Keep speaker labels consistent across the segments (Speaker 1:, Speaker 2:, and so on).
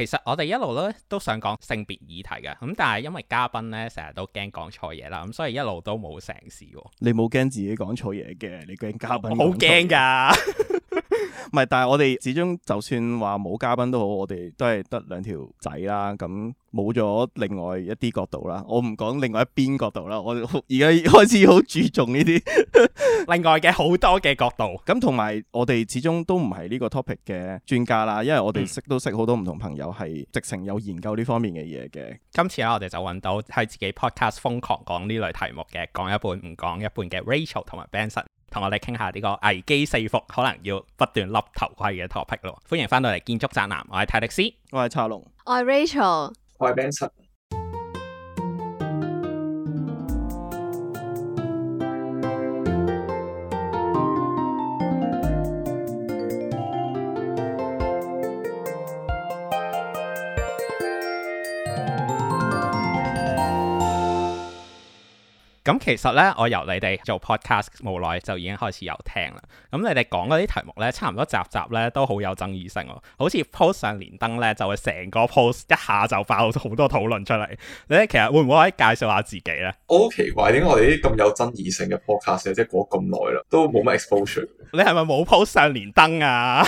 Speaker 1: 其實我哋一路咧都想講性別議題嘅，咁但係因為嘉賓咧成日都驚講錯嘢啦，咁所以一路都冇成事喎。
Speaker 2: 你冇驚自己講錯嘢嘅，你驚嘉賓講錯。我好驚㗎。唔係，但係我哋始終就算話冇嘉賓都好，我哋都係得兩條仔啦。咁冇咗另外一啲角度啦，我唔講另外一邊角度啦。我而家開始好注重呢啲 另外嘅好多嘅角度。咁同埋我哋始終都唔係呢個 topic 嘅專家啦，因為我哋、嗯、識都識好多唔同朋友係直情有研究呢方面嘅嘢嘅。
Speaker 1: 今次啊，我哋就搵到喺自己 podcast 瘋狂講呢類題目嘅，港一半唔講一半嘅 Rachel 同埋 Benson。同我哋傾下呢個危機四伏，可能要不斷笠頭盔嘅 topic 咯。歡迎翻到嚟建築宅男，我係泰迪斯，我係茶龍，
Speaker 3: 我係 Rachel，我係餅臣。
Speaker 1: 咁其實咧，我由你哋做 podcast，冇耐就已經開始有聽啦。咁你哋講嗰啲題目咧，差唔多集集咧都好有爭議性咯。好似 post 上連登咧，就會成個 post 一下就爆咗好多討論出嚟。你咧，其實會唔會可以介紹下自己咧？Okay，我好奇怪點解我哋啲咁
Speaker 4: 有爭議性嘅 podcast，即係過咁耐啦，都冇乜 exposure。你係咪冇 post 上連登啊？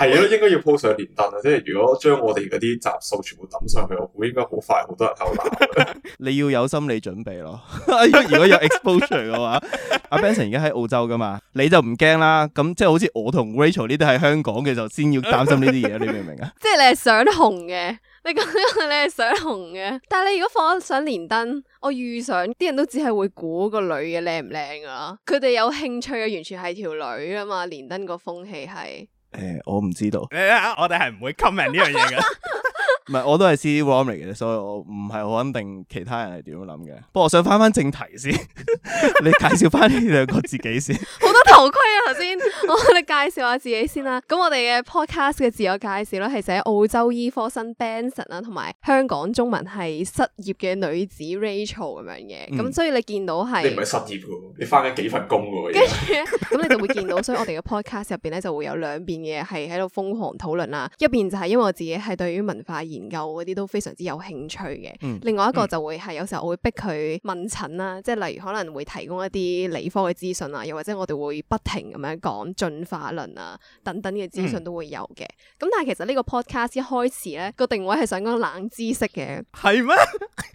Speaker 4: 係 咯， 應該要 post 上連登啊！即係如果將我哋嗰啲集數全部抌上去，我估應該好快好多人夠鬧。
Speaker 2: 你要有心理準備咯。 如果有 exposure 嘅話，阿 Benson 而家喺澳洲㗎嘛，你就唔驚啦。咁即係好似我同 Rachel 呢啲喺香港嘅就先要擔心呢啲嘢， 你明唔明啊？
Speaker 3: 即係你係想紅嘅，你講緊你係想紅嘅。但係你如果放咗上連登，我遇上啲人都只係會估個女嘅靚唔靚㗎。佢哋有興趣嘅完全係條女㗎嘛。連登個風氣係
Speaker 2: 誒、呃，我唔知道。你睇，我哋係唔會 comment 呢樣嘢。 唔係，我都係 CD ROM 嚟嘅，所以我唔係好肯定其他人係點樣諗嘅。不過我想翻翻正題先， 你介紹翻呢兩個自己先。
Speaker 3: 好 多頭盔啊，頭先，我哋介紹下自己先啦。咁我哋嘅 podcast 嘅自我介紹咧，係寫澳洲醫科生 Benson 啦，同埋香港中文系失業嘅女子 Rachel 咁樣嘅。咁、嗯、所以你見到係你唔係失業
Speaker 4: 噶，你翻緊幾份工噶。跟住
Speaker 3: 咧，咁 你就會見到，所以我哋嘅 podcast 入邊咧就會有兩邊嘅係喺度瘋狂討論啦。一邊就係因為我自己係對於文化。啊研究啲都非常之有興趣嘅，嗯、另外一個就會係有時候我會逼佢問診啦，即係、嗯、例如可能會提供一啲理科嘅資訊啊，又或者我哋會不停咁樣講進化論啊等等嘅資訊都會有嘅。咁、嗯、但係其實呢個 podcast 一開始咧個定位係想講冷知識嘅，係咩是嗎？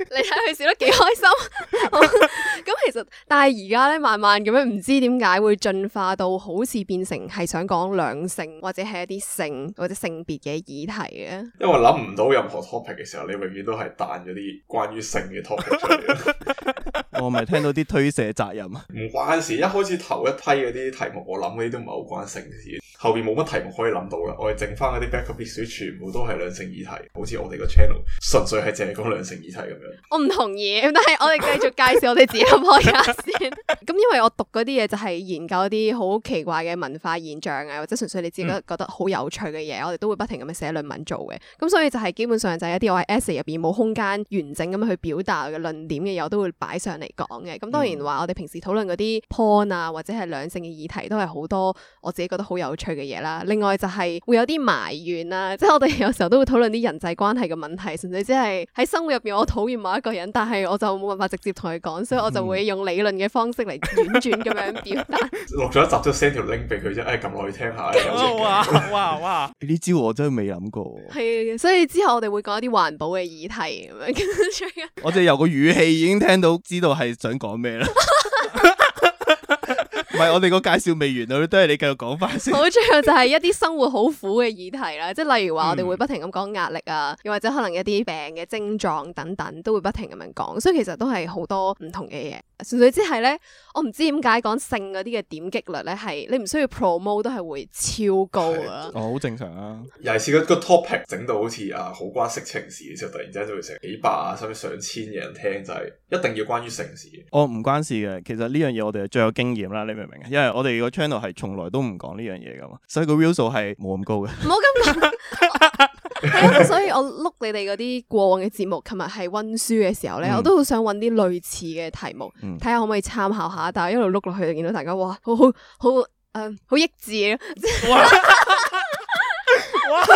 Speaker 3: 你睇佢笑得幾開心。咁 其實但係而家咧慢慢咁樣唔知點解會進化到好似變成係想講兩性或者係一啲性或者性別嘅議題嘅，因
Speaker 4: 為我諗唔～唔到任何 topic 嘅時候，你永遠都係彈咗啲關於性嘅 topic 出
Speaker 2: 嚟。我咪聽到啲推卸責任啊！唔
Speaker 4: 關事，一開始頭一批嗰啲題目，我諗呢啲都唔係好關性事。後邊冇乜題目可以諗到啦，我哋剩翻嗰啲 backup 全部都係兩性議題，好似我哋個 channel 純粹係淨係講兩性議題咁
Speaker 3: 樣。我唔同意，但係我哋繼續介紹 我哋自己個 point 先。咁因為我讀嗰啲嘢就係研究一啲好奇怪嘅文化現象、嗯、啊，或者純粹你自己覺得覺得好有趣嘅嘢，我哋都會不停咁樣寫論文做嘅。咁所以就係基本上就係一啲我喺 essay 入邊冇空間完整咁樣去表達嘅論點嘅嘢，我都會擺上嚟講嘅。咁當然話我哋平時討論嗰啲 point 啊，或者係兩性嘅議題都係好多我自己覺得好有趣嘅嘢啦，另外就係會有啲埋怨啊，即、就、係、是、我哋有時候都會討論啲人際關係嘅問題，甚至即係喺生活入邊我討厭某一個人，但係我就冇辦法直接同佢講，所以我就會用理論嘅方式嚟婉轉咁樣表達、嗯。
Speaker 4: 落咗一集就 send 條 link 俾佢啫，哎撳落去聽下。哇
Speaker 2: 哇、啊、 哇！呢 招我真係未諗過。
Speaker 3: 係，所以之後我哋會講一啲環保嘅議題咁樣。
Speaker 2: 我即係由個語氣已經聽到知道係想講咩啦。 唔係， 我哋個介紹未完啊，都係你繼續講翻先。好，
Speaker 3: 最後就係一啲生活好苦嘅議題啦，即係例如話我哋會不停咁講壓力啊，又或者可能一啲病嘅症狀等等都會不停咁樣講，所以其實都係好多唔同嘅嘢。純粹之係呢，我唔知點解講性嗰啲嘅點擊率呢，係你唔需要 promote 都係會超高啦。哦，
Speaker 4: 好正常啊。尤其係嗰個 topic 整到好似啊好關色情事嘅時候，突然之間就會成幾百甚、啊、至上千嘅人聽，就係、是、一定要關於性事
Speaker 2: 嘅。哦，唔關事嘅，其實呢樣嘢我哋係最有經驗啦。因為我哋個 channel 係從來都唔講呢樣嘢噶嘛，所以個 view 數係冇咁高嘅。
Speaker 3: 唔好咁啊，所以我碌你哋嗰啲過往嘅節目，琴日係溫書嘅時候咧，我都好想揾啲類似嘅題目，睇下、嗯、可唔可以參考下。但係一路碌落去，就見到大家哇，好好好，誒，好益智啊！哇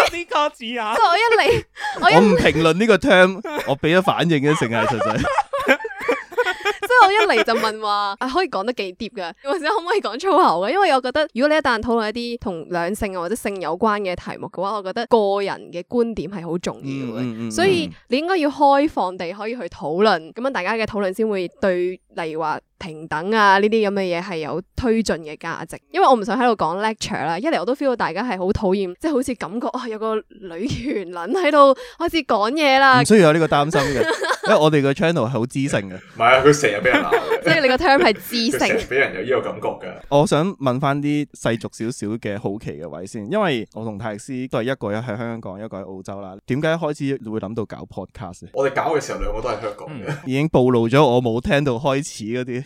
Speaker 3: 啲瓜子啊！我一嚟，我唔評
Speaker 2: 論呢個 term， 我俾咗反應嘅成日，實際。
Speaker 3: 因為我一嚟就問話、啊，可以講得幾癲噶，或者可唔可以講粗口嘅？因為我覺得，如果你一旦討論一啲同兩性啊或者性有關嘅題目嘅話，我覺得個人嘅觀點係好重要嘅， 所以你應該要開放地可以去討論，咁樣大家嘅討論先會對，例如話，平等啊呢啲咁嘅嘢係有推進嘅價值，因為我唔想喺度講 lecture 啦，一嚟我都 feel 到大家係好討厭，即係好似感覺啊有個女權撚喺度開始講嘢啦。唔需要有呢
Speaker 2: 個擔心嘅，因為我哋、就是哦、個 channel 係好知性嘅。唔係啊，
Speaker 4: 佢成日俾人
Speaker 3: 鬧。即係你個 term 係知性，俾
Speaker 4: 人有呢個感覺嘅。
Speaker 2: 覺 我想問翻啲世俗少少嘅好奇嘅位先，因為我同泰斯都係一個人喺香港，一個喺澳洲啦。點解一開始會諗到搞 podcast？
Speaker 4: 我哋搞嘅時候兩個都係香港
Speaker 2: 嘅，已經暴露咗我冇聽到開始嗰啲。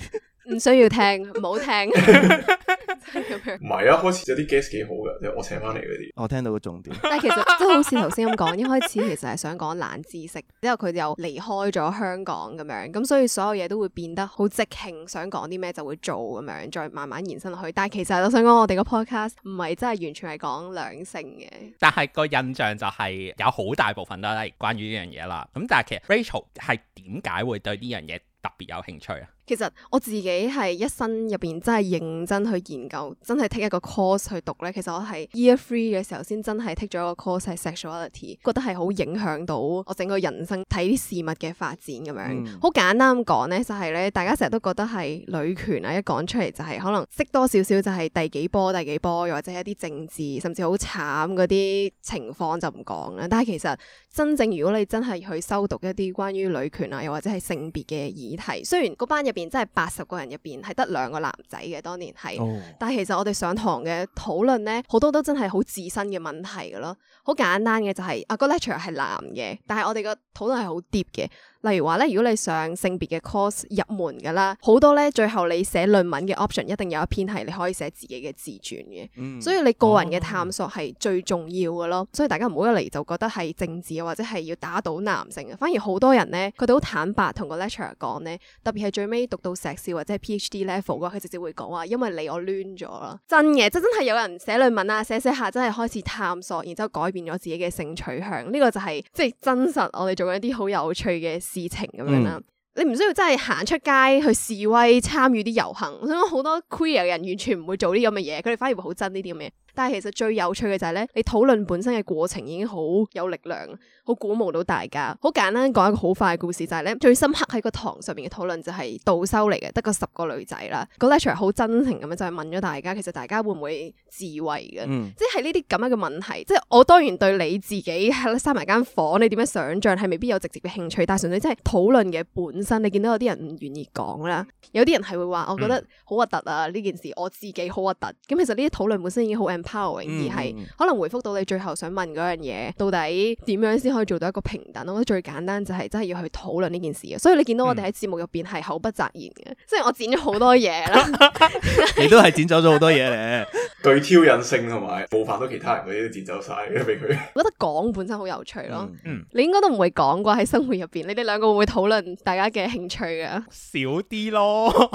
Speaker 3: 唔需要聽，唔好聽。咁 這
Speaker 4: 樣唔係一開始有啲 guest 幾好嘅，即係我請翻嚟嗰啲。我聽到個重點。
Speaker 3: 但係其實即係好似頭先咁講，一開始其實係想講冷知識，之後佢哋又離開咗香港咁樣，咁所以所有嘢都會變得好即興，想講啲咩就會做咁樣，再慢慢延伸落去。但係其實想我想講，我哋個 podcast 唔係真係完全係講兩性嘅。
Speaker 1: 但係個印象就係有好大部分都係關於呢樣嘢啦。咁但係其實 Rachel 係點解會對呢樣嘢特別有興趣啊？
Speaker 3: 其實我自己係一生入邊真係認真去研究，真係剔一個 course 去讀咧。其實我係 year three 嘅時候先真係剔咗一個 course 係 sexuality，覺得係好影響到我整個人生睇啲事物嘅發展咁樣。好、嗯、簡單咁講咧，就係、是、咧，大家成日都覺得係女權啊，一講出嚟就係、是、可能識多少少就係第幾波第幾波，又或者係一啲政治，甚至好慘嗰啲情況就唔講啦。但係其實真正如果你真係去修讀一啲關於女權啊，又或者係性別嘅議題，雖然嗰班入即係八十個人入邊係得兩個男仔嘅，當年係，oh。但係其實我哋上堂嘅討論咧，好多都真係好自身嘅問題噶咯，好簡單嘅就係、是、啊，個 lecture 係男嘅，但係我哋個討論係好 deep 嘅。例如話咧，如果你上性別嘅 course 入門噶啦，好多咧最後你寫論文嘅 option 一定有一篇係你可以寫自己嘅自傳嘅，嗯、所以你個人嘅探索係最重要噶咯。哦、所以大家唔好一嚟就覺得係政治啊，或者係要打倒男性啊，反而好多人咧佢哋好坦白同個 lecturer 講咧，特別係最尾讀到碩士或者係 PhD level 嘅，佢直接會講啊，因為你我攣咗啦，真嘅，即真真係有人寫論文啊，寫寫下真係開始探索，然之後改變咗自己嘅性取向，呢、呢個就係、是、即係真實，我哋做緊一啲好有趣嘅。事情咁樣啦，嗯、你唔需要真係行出街去示威參與啲遊行。我想講好多 queer 人完全唔會做呢啲咁嘅嘢，佢哋反而會好憎呢啲咁嘅。但係其實最有趣嘅就係、是、咧，你討論本身嘅過程已經好有力量，好鼓舞到大家。好簡單講一個好快嘅故事、就是，就係咧最深刻喺個堂上邊嘅討論就係導修嚟嘅，得個十個女仔啦。個 lecture 好真誠咁樣就係問咗大家，其實大家會唔會自慰嘅？嗯、即係呢啲咁樣嘅問題。即係我當然對你自己係啦，閂埋間房間，你點樣想象係未必有直接嘅興趣。但係純粹即係討論嘅本身，你見到有啲人唔願意講啦，有啲人係會話，我覺得好核突啊呢件事，我自己好核突。咁其實呢啲討論本身已經好 p o w e r 而係可能回覆到你最後想問嗰樣嘢，到底點樣先可以做到一個平等？我覺得最簡單就係真係要去討論呢件事啊！所以你見到我哋喺節目入邊係口不擇言嘅，嗯、即係我剪咗好多嘢啦，
Speaker 4: 你都係剪走咗好多嘢咧。具 挑釁性同埋，冒犯到其他人嗰啲都剪走晒。俾佢。我
Speaker 3: 覺得講本身好有趣咯、嗯，你應該都唔會講啩喺生活入邊，你哋兩個會唔會討論大家嘅興趣嘅？
Speaker 2: 少啲一咯。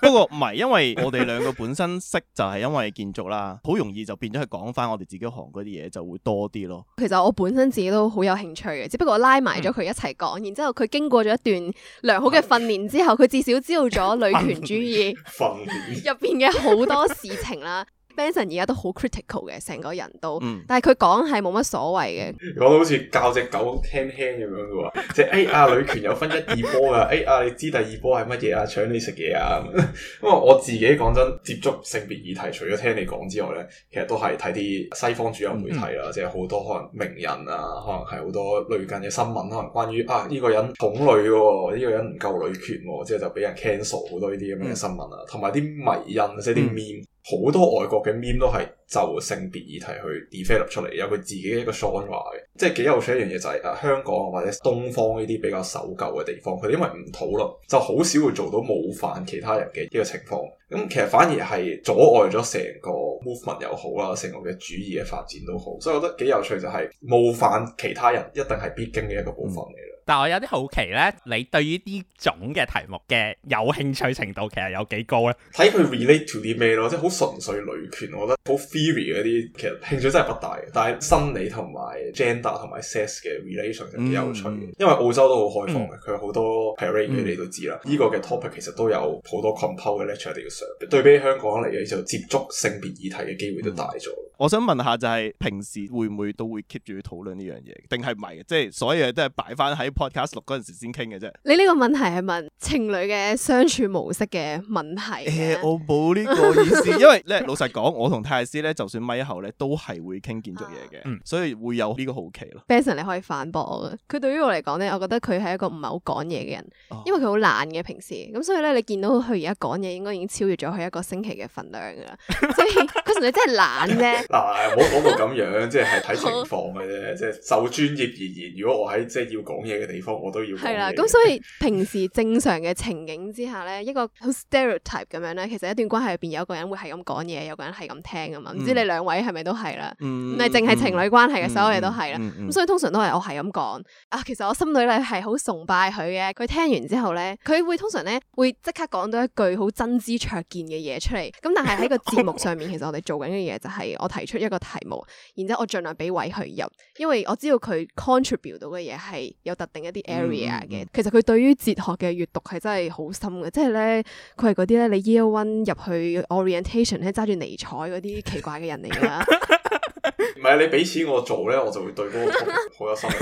Speaker 2: 不過唔係，因為我哋兩個本身識就係因為建築啦，好容易就變咗去講翻我哋自己行嗰啲嘢就會多啲咯。
Speaker 3: 其實我本身自己都好有興趣嘅，只不過拉埋咗佢一齊講，然之後佢經過咗一段良好嘅訓練之後，佢至少知道咗女權主義入邊嘅好多事情啦。 Benson 而家都好 critical 嘅，成個人都，但係佢講係冇乜所謂嘅。講
Speaker 4: 到、嗯、好似教隻狗聽聽咁樣嘅喎，即係誒啊女權有分一二波噶，誒啊、 哎、你知第二波係乜嘢啊？搶你食嘢啊！ 因為我自己講真，接觸性別議題，除咗聽你講之外咧，其實都係睇啲西方主流媒體啦，嗯嗯即係好多可能名人啊，可能係好多類近嘅新聞，可能關於啊呢、這個人恐女喎，呢、這個人唔夠女權，即係就俾人 cancel 好多呢啲咁嘅新聞啊，同埋啲迷因，即係啲面。好多外國嘅 meme 都係就性別議題去 develop 出嚟，有佢自己嘅一個 sound 話嘅，即係幾有趣一樣嘢就係、是、誒香港或者東方呢啲比較守舊嘅地方，佢哋因為唔討論，就好少會做到冒犯其他人嘅呢個情況。咁其實反而係阻礙咗成個 movement 又好啦，成個嘅主義嘅發展都好。所以我覺得幾有趣就係冒犯其他人
Speaker 1: 一定係必經嘅一個部分嚟。嗯但我有啲好奇咧，你對於呢種嘅題目嘅有興趣程度其實有幾高咧？
Speaker 4: 睇佢 relate to 啲咩咯，即係好純粹女權，我覺得好 theory 嗰啲，其實興趣真係不大嘅。但係心理同埋 gender 同埋 sex 嘅 relation 係幾有趣、嗯、因為澳洲都好開放嘅，佢好、嗯、多 parade、嗯、你都知啦。呢、嗯、個嘅 topic 其實都有好多 compound 嘅 lecture 一定要上，對比香港嚟嘅就接觸性別議題嘅機會都大咗。嗯、
Speaker 2: 我想問下就係平時會唔會都會 keep 住討論呢樣嘢，定係唔係？即係所有嘢都係擺翻喺。podcast 錄嗰陣時先傾嘅啫，
Speaker 3: 你呢個問題係問情侶嘅相處模式嘅問題。誒、欸，
Speaker 2: 我冇呢個意思， 因為咧老實講，我同泰師咧，就算咪後咧，都係會傾建築嘢嘅，啊、所以會有呢個好奇
Speaker 3: 咯。Benson，、嗯、你可以反駁我嘅。佢對於我嚟講咧，我覺得佢係一個唔係好講嘢嘅人，啊、因為佢好懶嘅平時，咁所以咧，你見到佢而家講嘢，應該已經超越咗佢一個星期嘅份量噶啦。所以佢實你真係懶啫。
Speaker 4: 嗱， 冇講到咁樣，即係睇情況嘅啫，即係好就專業而言，如果我喺即係要講嘢。嘅地方我都要係啦，咁
Speaker 3: 所以平時正常嘅情景之下咧，一個好 stereotype 咁樣咧，其實一段關係入邊有一個人會係咁講嘢，有個人係咁聽啊嘛，唔知你兩位係咪都係啦？唔係淨係情侶關係嘅、嗯、所有嘢都係啦，咁、嗯嗯嗯、所以通常都係我係咁講啊，其實我心裏咧係好崇拜佢嘅，佢聽完之後咧，佢會通常咧會即刻講到一句好真知灼見嘅嘢出嚟，咁但係喺個節目上面， 其實我哋做緊嘅嘢就係我提出一個題目，然之後我盡量俾位佢入，因為我知道佢 contribute 到嘅嘢係有特。定一啲 area 嘅，嗯、其實佢對於哲學嘅閱讀係真係好深嘅，即係咧，佢係嗰啲咧你 year one 入去 orientation 咧揸住尼采嗰啲奇怪嘅人嚟㗎。
Speaker 4: 唔係 你俾錢我做呢，我就會對嗰個好有心機。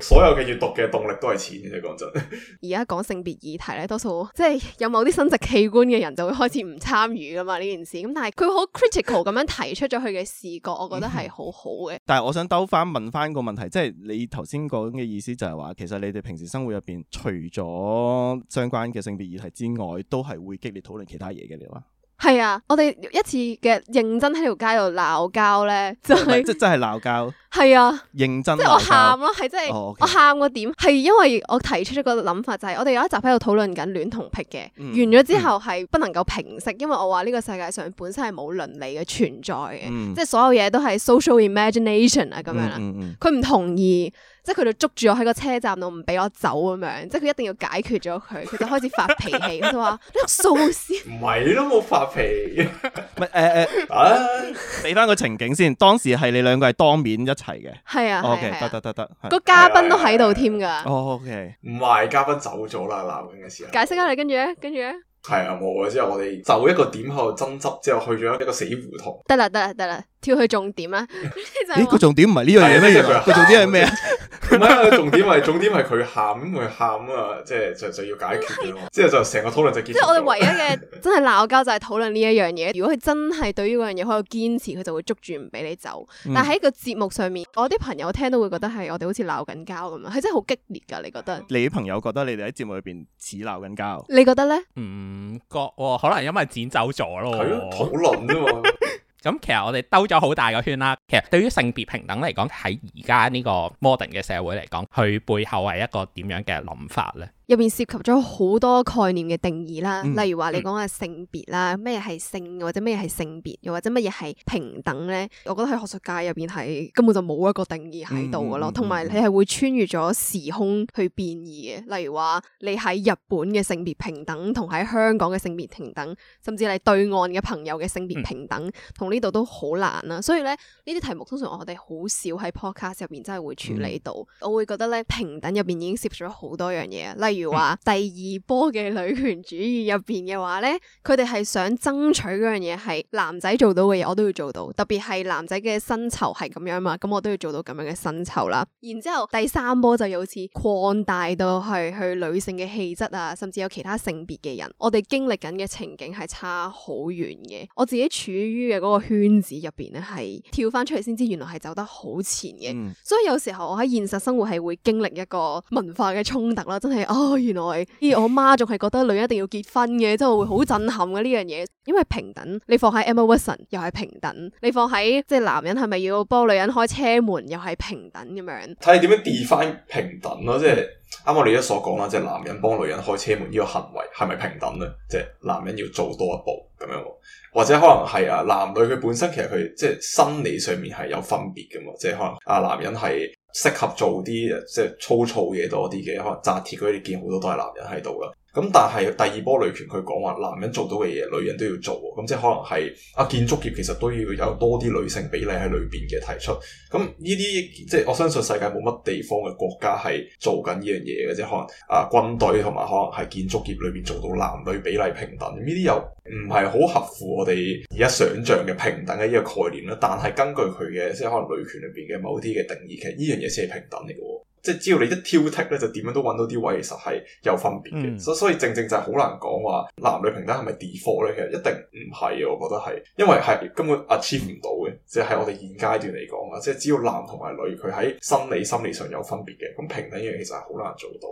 Speaker 4: 所有嘅閱讀嘅動力都係錢嘅啫，講真。
Speaker 3: 而家講性別議題呢，多數即係有某啲生殖器官嘅人就會開始唔參與噶嘛呢件事。咁但係佢好 critical 咁樣提出咗佢嘅視覺， 我覺得係好好嘅、嗯。
Speaker 2: 但係我想兜翻問翻個問題，即係你頭先講嘅意思就係話，其實你哋平時生活入邊，除咗相關嘅性別議題之外，都係會激烈討論其他嘢嘅，你話？
Speaker 3: 係啊，我哋一次嘅認真喺條街度鬧交咧，就係、
Speaker 2: 是、是 即係真係鬧交。係啊，認真。即係我喊咯，
Speaker 3: 係真係我喊個點？係因為我提出一個諗法，就係我哋有一集喺度討論緊戀童癖嘅，完咗之後係不能夠平息，因為我話呢個世界上本身係冇倫理嘅存在嘅，即係所有嘢都係 social imagination 啊咁樣啦。佢唔同意，即係佢就捉住我喺個車站度唔俾我走咁樣，即係佢一定要解決咗佢，佢就開始發脾氣，佢就話你個 s o c i a
Speaker 4: 唔係你都冇發脾氣，唔係誒誒
Speaker 2: 啊，俾翻個情景先，當時係你兩個係當面一齊。係嘅，係啊，OK，得得得得，個
Speaker 3: 嘉賓都喺度添噶
Speaker 4: ，OK，唔係嘉賓走咗啦，鬧緊嘅事，解
Speaker 3: 釋下你，跟住咧，跟住咧，
Speaker 4: 係啊，冇啊，之後我哋就一個點喺度爭執，之後去咗一個死胡同，
Speaker 3: 得啦，得啦，得啦。跳去重點啦？
Speaker 4: 呢個重點
Speaker 2: 唔係呢樣嘢咩？佢重點係
Speaker 4: 咩啊？唔係重點係重點係佢喊，佢喊啊，即係就就要解決。即係就成個討論就結束。即係我哋唯一
Speaker 3: 嘅真係鬧交就係討論呢一樣嘢。如果佢真係對於嗰樣嘢好有堅持，佢就會捉住唔俾你走。但係喺個節目上面，我啲朋友聽到會覺得係我哋好似鬧緊交噉樣。佢真係好激烈噶，你覺得？
Speaker 2: 你啲朋友覺得你哋喺節目裏邊似鬧緊
Speaker 1: 交？你覺得咧？唔覺喎，可能因為剪走咗咯。討論啫嘛。咁其實我哋兜咗好大個圈啦。其實對於性別平等嚟講，喺而家呢個 modern 嘅社會嚟講，佢背後係一個點樣嘅諗法呢？
Speaker 3: 入面涉及咗好多概念嘅定義啦，嗯、例如話你講嘅性別啦，咩係、嗯、性或者咩係性別又或者乜嘢係平等咧？我覺得喺學術界入邊係根本就冇一個定義喺度嘅咯，同埋、嗯嗯嗯、你係會穿越咗時空去變異嘅，例如話你喺日本嘅性別平等同喺香港嘅性別平等，甚至係對岸嘅朋友嘅性別平等，同呢度都好難啦，啊。所以咧，呢啲題目通常我哋好少喺 podcast 入邊真係會處理到，嗯、我會覺得咧平等入邊已經涉及咗好多樣嘢，例如，如話第二波嘅女權主義入邊嘅話咧，佢哋係想爭取嗰樣嘢，係男仔做到嘅嘢，我都要做到。特別係男仔嘅薪酬係咁樣嘛，咁我都要做到咁樣嘅薪酬啦。然之後第三波就好似擴大到係去女性嘅氣質啊，甚至有其他性別嘅人，我哋經歷緊嘅情景係差好遠嘅。我自己處於嘅嗰個圈子入邊咧，係跳翻出嚟先知，原來係走得好前嘅。嗯、所以有時候我喺現實生活係會經歷一個文化嘅衝突啦，真係啊！哦哦，原來咦，我媽仲係覺得女人一定要結婚嘅，真係 會好震撼嘅呢樣嘢。因為平等，你放喺 Emma Watson 又係平等，你放喺即係男人係咪要幫女人開車門又係平等咁樣？
Speaker 4: 睇你點樣 define 平等咯，即係啱我哋而家所講啦，即係男人幫女人開車門呢個行為係咪平等咧？即係男人要做多一步咁樣，或者可能係啊，男女佢本身其實佢即係心理上面係有分別嘅嘛，即係可能啊，男人係。適合做啲即係粗糙嘢多啲嘅，可能紮鐵嗰啲見好多都係男人喺度㗎。咁但係第二波女權佢講話，男人做到嘅嘢，女人都要做咁、嗯、即係可能係啊建築業其實都要有多啲女性比例喺裏邊嘅提出。咁呢啲即係我相信世界冇乜地方嘅國家係做緊呢樣嘢嘅啫。即可能啊、呃、軍隊同埋可能係建築業裏邊做到男女比例平等呢啲、嗯、又唔係好合乎我哋而家想象嘅平等嘅呢個概念啦。但係根據佢嘅即係可能女權裏邊嘅某啲嘅定義，其實呢樣嘢先係平等嚟喎。即係只要你一挑剔咧，就點樣都搵到啲位，其實係有分別嘅。嗯、所以所以正正就係好難講話男女平等係咪 default 咧？其實一定唔係，我覺得係，因為係根本 achieve 唔到嘅。即係喺我哋現階段嚟講啊，即係只要男同埋女佢喺心理心理上有分別嘅，咁平等呢樣其實係好難做到。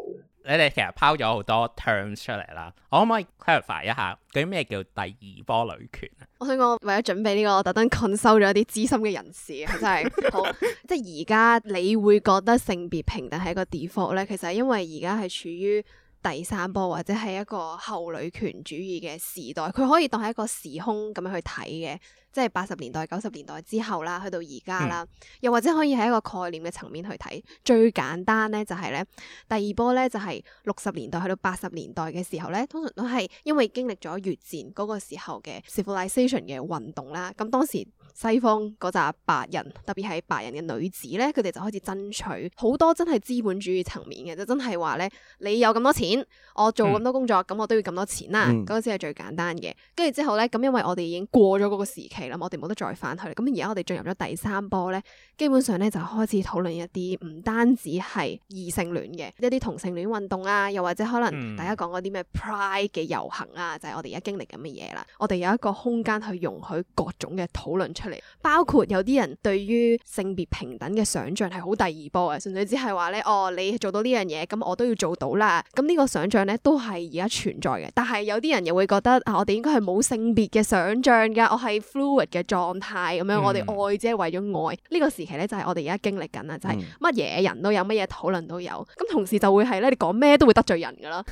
Speaker 1: 你哋其實拋咗好多 terms 出嚟啦，我可唔可以 clarify 一下究竟咩叫第二波女權啊？
Speaker 3: 我想講，為咗準備呢個，我特登 consult 咗啲資深嘅人士，係 真係好。即係而家你會覺得性別平等係一個 default 咧，其實係因為而家係處於，第三波或者係一個後女權主義嘅時代，佢可以當係一個時空咁樣去睇嘅，即係八十年代、九十年代之後啦，去到而家啦，嗯、又或者可以係一個概念嘅層面去睇。最簡單咧就係、是、咧，第二波咧就係六十年代去到八十年代嘅時候咧，通常都係因為經歷咗越戰嗰個時候嘅 Civilisation 嘅運動啦。咁當時西方嗰紮白人，特別係白人嘅女子咧，佢哋就開始爭取好多真係資本主義層面嘅，就真係話咧，你有咁多錢。我做咁多工作，咁、嗯、我都要咁多錢啦、啊，嗰啲先係最簡單嘅。跟住之後咧，咁因為我哋已經過咗嗰個時期啦，我哋冇得再翻去。咁而家我哋進入咗第三波咧，基本上咧就開始討論一啲唔單止係異性戀嘅一啲同性戀運動啊，又或者可能大家講嗰啲咩 PRIDE 嘅遊行啊，就係、是、我哋而家經歷緊嘅嘢啦。我哋有一個空間去容許各種嘅討論出嚟，包括有啲人對於性別平等嘅想象係好第二波啊，純粹只係話咧，哦，你做到呢樣嘢，咁我都要做到啦。咁呢、這個。想象咧都係而家存在嘅，但係有啲人又會覺得啊，我哋應該係冇性別嘅想象嘅，我係 fluid 嘅狀態咁樣，嗯、我哋愛即係為咗愛。呢、呢個時期咧就係、是、我哋而家經歷緊啦，就係乜嘢人都有，乜嘢討論都有。咁、嗯嗯、同時就會係咧，你講咩都會得罪人噶啦。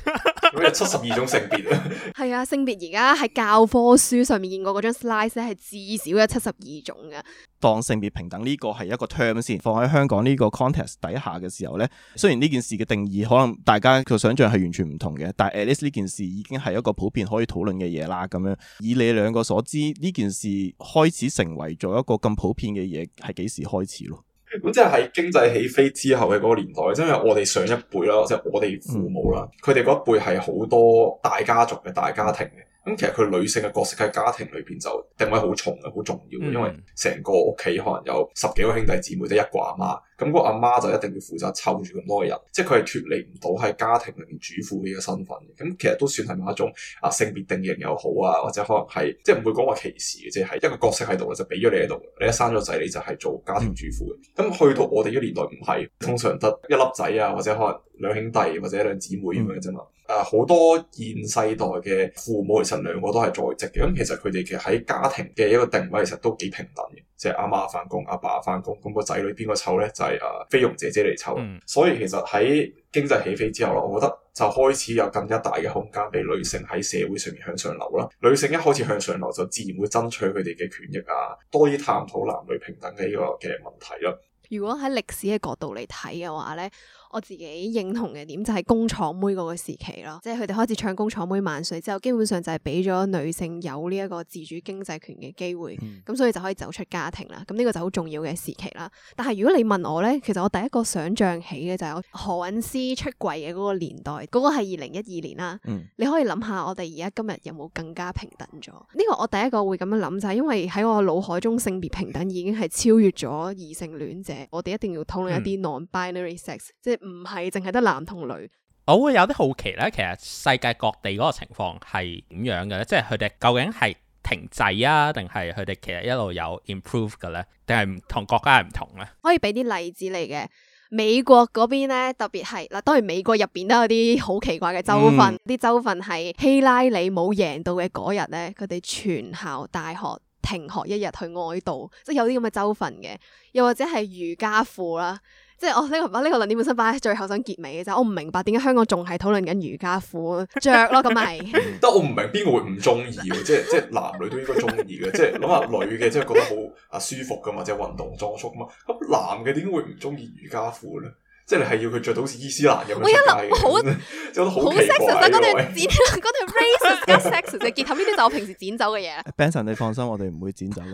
Speaker 4: 七十二種性別
Speaker 3: 係啊，性別而家喺教科書上面見過嗰張 slice 咧，係至少有七十二種嘅。
Speaker 2: 當性別平等呢個係一個 term 先，放喺香港呢個 context 底下嘅時候呢。雖然呢件事嘅定義可能大家嘅想像係完全唔同嘅，但係 at least 呢件事已經係一個普遍可以討論嘅嘢啦。咁樣以你兩個所知，呢件事開始成為咗一個咁普遍嘅嘢係幾時開始咯？
Speaker 4: 咁即係喺經濟起飛之後嘅嗰個年代，因為我哋上一輩啦，即係我哋父母啦，佢哋嗰一輩係好多大家族嘅大家庭咁其實佢女性嘅角色喺家庭裏面就定位好重嘅，好重要，因為成個屋企可能有十幾個兄弟姐妹，得一個阿媽。咁個阿媽就一定要負責湊住咁多人，即係佢係脱離唔到喺家庭裏邊主婦呢個身份。咁其實都算係某一種啊性別定型又好啊，或者可能係即係唔會講話歧視嘅，即係一個角色喺度就俾咗你喺度。你一生咗仔你就係做家庭主婦。咁去到我哋呢個年代唔係通常得一粒仔啊，或者可能兩兄弟或者兩姊妹咁樣嘅啫嘛。啊，好多現世代嘅父母其實兩個都係在職嘅。咁其實佢哋其實喺家庭嘅一個定位其實都幾平等嘅。即係阿媽翻工，阿爸翻工，咁個仔女邊個湊咧？就係、是、誒，菲、呃、傭姐姐嚟湊。嗯、所以其實喺經濟起飛之後啦，我覺得就開始有更加大嘅空間俾女性喺社會上面向上流啦。女性一開始向上流，就自然會爭取佢哋嘅權益啊，多啲探討男女平等嘅呢個嘅問題啦。
Speaker 3: 如果喺歷史嘅角度嚟睇嘅話咧。我自己認同嘅點就係工廠妹嗰個時期咯，即係佢哋開始唱工廠妹萬歲之後，基本上就係俾咗女性有呢一個自主經濟權嘅機會，咁、嗯嗯、所以就可以走出家庭啦。咁、嗯、呢、這個就好重要嘅時期啦。但係如果你問我咧，其實我第一個想象起嘅就係何韻詩出櫃嘅嗰個年代，嗰、那個係二零一二年啦。嗯、你可以諗下我哋而家今日有冇更加平等咗？呢、這個我第一個會咁樣諗就係、是、因為喺我腦海中性別平等已經係超越咗異性戀者，我哋一定要討論一啲 non-binary sex、嗯、即係。唔係淨係得男同女，
Speaker 1: 我會、oh, 有啲好奇咧。其實世界各地嗰個情況係點樣嘅咧？即係佢哋究竟係停滯啊，定係佢哋其實一路有 improve 嘅咧？定係同國家係唔同咧？
Speaker 3: 可以俾啲例子嚟嘅，美國嗰邊咧特別係嗱，當然美國入邊都有啲好奇怪嘅州份，啲、嗯、州份係希拉里冇贏到嘅嗰日咧，佢哋全校大學停學一日去哀悼，即係有啲咁嘅州份嘅，又或者係瑜伽褲啦。即係我呢個呢個論點本身擺喺最後想結尾嘅就係，我唔明白點解香港仲係討論緊瑜伽褲着咯咁咪？
Speaker 4: 得、嗯、我唔明邊個會唔中意即係即係男女都應該中意嘅。即係諗下女嘅即係覺得好啊舒服噶嘛，即係運動裝束啊嘛。咁男嘅點會唔中意瑜伽褲咧？即係你係要佢着到好似伊斯蘭咁。我一諗，我、嗯、好，好 sexy，嗰對剪
Speaker 3: 嗰對 razor 加 sexy 嘅，結合呢啲就我平時剪走嘅嘢。
Speaker 4: Benson，你放心，我哋唔會剪
Speaker 3: 走。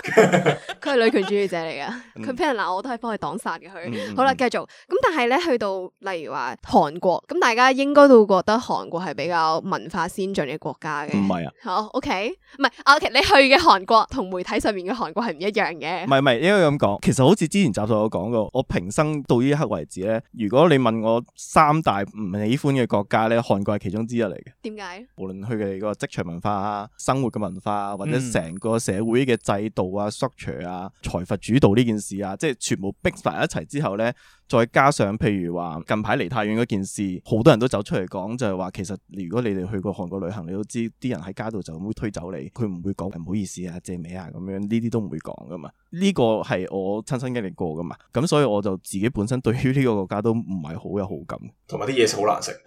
Speaker 3: 佢係 女權主義者嚟嘅，佢俾、嗯、人鬧我都係幫佢擋殺嘅。佢、嗯嗯、好啦，繼續咁，但係咧去到例如話韓國，咁大家應該都會覺得韓國係比較文化先進嘅國家嘅。唔係啊，好、oh, OK，唔係啊 OK。你去嘅韓國同媒體上面嘅韓國係唔一樣嘅。
Speaker 2: 唔係唔係，應該咁講。其實好似之前集數有講過，我平生到呢一刻為止咧，如果你問我三大唔喜歡嘅國家咧，韓國係其中之一嚟嘅。點解？無論佢嘅個職場文化啊，生活嘅文化，或者成個社會嘅制度。嗯啊 structure 啊，財閥主導呢件事啊，即係全部逼晒一齊之後咧。再加上譬如話近排梨泰院嗰件事，好多人都走出嚟講，就係話其實如果你哋去過韓國旅行，你都知啲人喺街度就咁會推走你，佢唔會講唔好意思啊、借尾啊咁樣呢啲都唔會講噶嘛。呢個係我親身經歷過噶嘛，咁所以我就自己本身對於呢個國家都唔係好有好感，
Speaker 4: 同埋啲嘢好難食。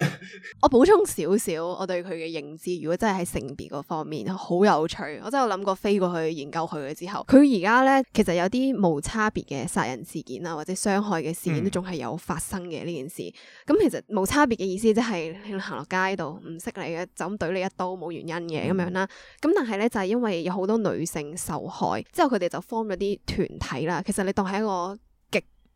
Speaker 3: 我補充少少，我對佢嘅認知，如果真係喺性別嗰方面好有趣，我真係有諗過飛過去研究佢嘅，之後，佢而家咧其實有啲無差別嘅殺人事件啊，或者傷害嘅事件。嗯仲係有發生嘅呢件事，咁其實冇差別嘅意思，即係行落街度唔識你嘅就咁懟你一刀，冇原因嘅咁樣啦。咁但係咧就係因為有好多女性受害之後，佢哋就 form 咗啲團體啦。其實你當係一個。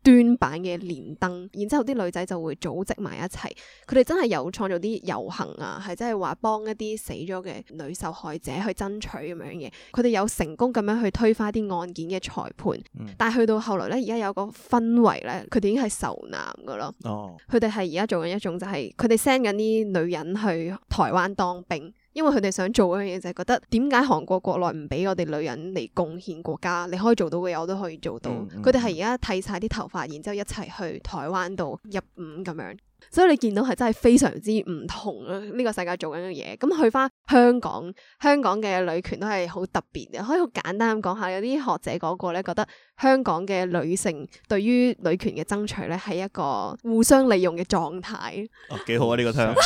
Speaker 3: 端版嘅連登，然之後啲女仔就會組織埋一齊，佢哋真係有創造啲遊行啊，係真係話幫一啲死咗嘅女受害者去爭取咁樣嘢，佢哋有成功咁樣去推翻啲案件嘅裁判，嗯、但係去到後來咧，而家有個氛圍咧，佢哋已經係仇男噶咯，佢哋係而家做緊一種就係佢哋 send 緊啲女人去台灣當兵。因為佢哋想做嗰樣嘢就係覺得點解韓國國內唔俾我哋女人嚟貢獻國家，你可以做到嘅嘢我都可以做到。佢哋係而家剃晒啲頭髮，然之後一齊去台灣度入伍咁樣。所以你見到係真係非常之唔同啊！呢個世界做緊嘅嘢。咁去翻香港，香港嘅女權都係好特別嘅。可以好簡單咁講下，有啲學者嗰個咧覺得香港嘅女性對於女權嘅爭取咧係一個互相利用嘅狀態。
Speaker 2: 哦，幾好啊！呢個聽。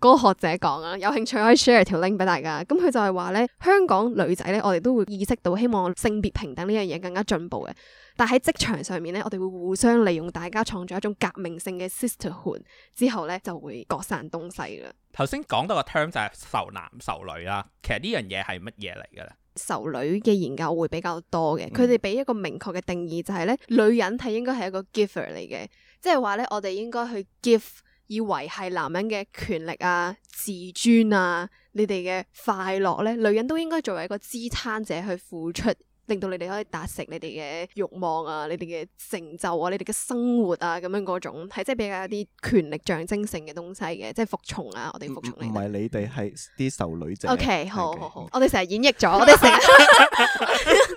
Speaker 3: 嗰個學者講啊，有興趣可以 share 條 link 俾大家。咁、嗯、佢就係話咧，香港女仔咧，我哋都會意識到希望性別平等呢樣嘢更加進步嘅。但喺職場上面咧，我哋會互相利用大家創造一種革命性嘅 sisterhood，之後咧就會各散東西啦。
Speaker 1: 頭先講到個 term 就係仇男仇女啦。其實呢樣嘢係乜嘢嚟嘅咧？
Speaker 3: 仇女嘅研究會比較多嘅。佢哋俾一個明確嘅定義就係咧，嗯、女人係應該係一個 giver 嚟嘅，即係話咧，我哋應該去 give。以維係男人嘅權力啊、自尊啊、你哋嘅快樂咧，女人都應該作為一個支撐者去付出。令到你哋可以達成你哋嘅慾望啊，你哋嘅成就啊，你哋嘅生活啊，咁樣嗰種係即係比較一啲權力象徵性嘅東西嘅，即係服從啊，我哋服
Speaker 2: 從你。唔係你哋係啲仇女者。O、OK, K，好好好，
Speaker 3: 好好好，我哋成日演繹咗， 我哋成日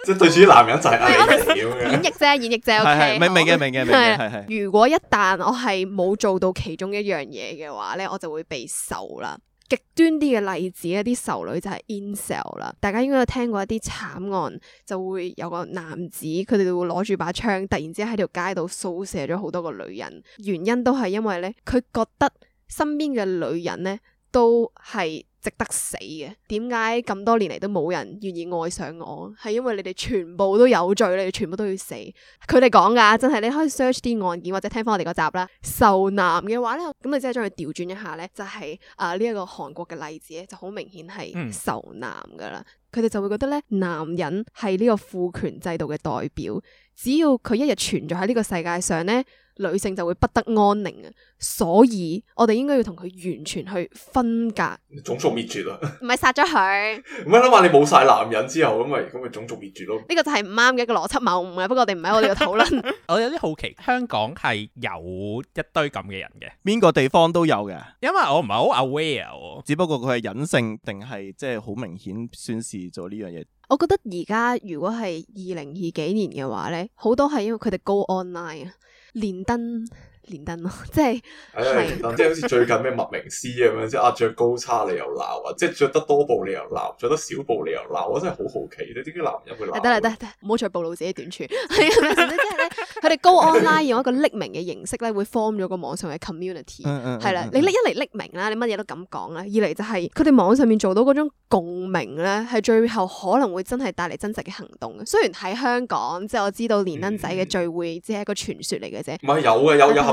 Speaker 4: 即係對住啲男人就係啊，
Speaker 2: 演
Speaker 3: 繹啫，演繹啫。明明嘅，明嘅，明嘅，如果一旦我係冇做到其中一樣嘢嘅話咧，我就會被受啦。極端啲嘅例子咧，啲仇女就係 incel 啦。大家應該有聽過一啲慘案，就會有個男子，佢哋會攞住把槍，突然之間喺條街度掃射咗好多個女人。原因都係因為咧，佢覺得身邊嘅女人咧都係值得死嘅，點解咁多年嚟都冇人願意愛上我？係因為你哋全部都有罪，你哋全部都要死。佢哋講噶，真係你可以 search 啲案件或者聽翻我哋嗰集咧，仇男嘅話咧，咁你即係將佢調轉一下咧，就係啊呢一個韓國嘅例子咧，就好明顯係仇男噶啦。佢哋就會覺得咧，男人係呢個父權制度嘅代表。只要佢一日存在喺呢個世界上咧，女性就會不得安寧啊！所以我哋應該要同佢完全去分隔。種族滅絕啊！唔係殺咗佢，
Speaker 4: 唔係都話你冇晒男人
Speaker 1: 之後咁咪咁咪種族滅絕咯？
Speaker 3: 呢個就係唔啱嘅一個邏輯謬誤啊！不過我哋唔係我哋嘅討論。
Speaker 1: 我有啲好奇，香港係有一堆咁嘅人嘅，邊個地方都有嘅？
Speaker 3: 因為我
Speaker 2: 唔係好 aware，只不過佢係隱性定係即係好明顯，宣示咗呢樣嘢。
Speaker 3: 我覺得而家如果係二零二幾年嘅話咧，好多係因為佢哋 go online 啊，連登。連登咯，即係係即係好似最近咩麥
Speaker 4: 明詩咁樣，即係啊，着高叉你又鬧啊，即係着得多布你又鬧，着得少布你又鬧，我真係好好奇你點解男人會
Speaker 3: 鬧？得得唔好再暴露自己短處。係啦， 即係咧，佢哋 go online 用一個匿名嘅形式咧，會 form 咗個網上嘅 community。嗯嗯， 係啦，你匿一嚟匿名啦，你乜嘢都咁講啦，二嚟就係佢哋網上面做到嗰種共鳴咧，係最後可能會真係帶嚟真實嘅行動。雖然喺香港，即係我知道連登仔嘅聚會只係一個傳說嚟嘅啫。唔係、嗯、有嘅，有。有有有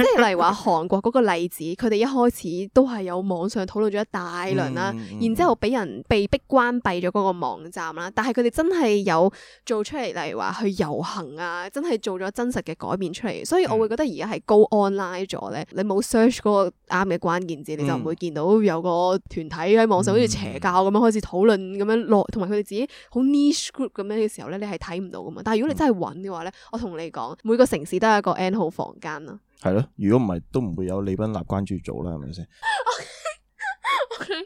Speaker 3: 即係例如話韓國嗰個例子，佢哋一開始都係有網上討論咗一大輪啦，mm hmm. 然之後俾人被逼關閉咗嗰個網站啦。但係佢哋真係有做出嚟，例如話去遊行啊，真係做咗真實嘅改變出嚟。所以我會覺得而家係高 online 咗咧，你冇 search 嗰個啱嘅關鍵字，你就唔會見到有個團體喺網上好似、mm hmm. 邪教咁樣開始討論，咁樣落同埋佢哋自己好 niche group 咁樣嘅時候咧，你係睇唔到噶嘛。但係如果你真係揾嘅話咧，我同你講，每個城市都係一個 n 號房間啦。Mm hmm.
Speaker 2: 係咯，如果唔係都唔會有李斌立關注做啦，係咪先？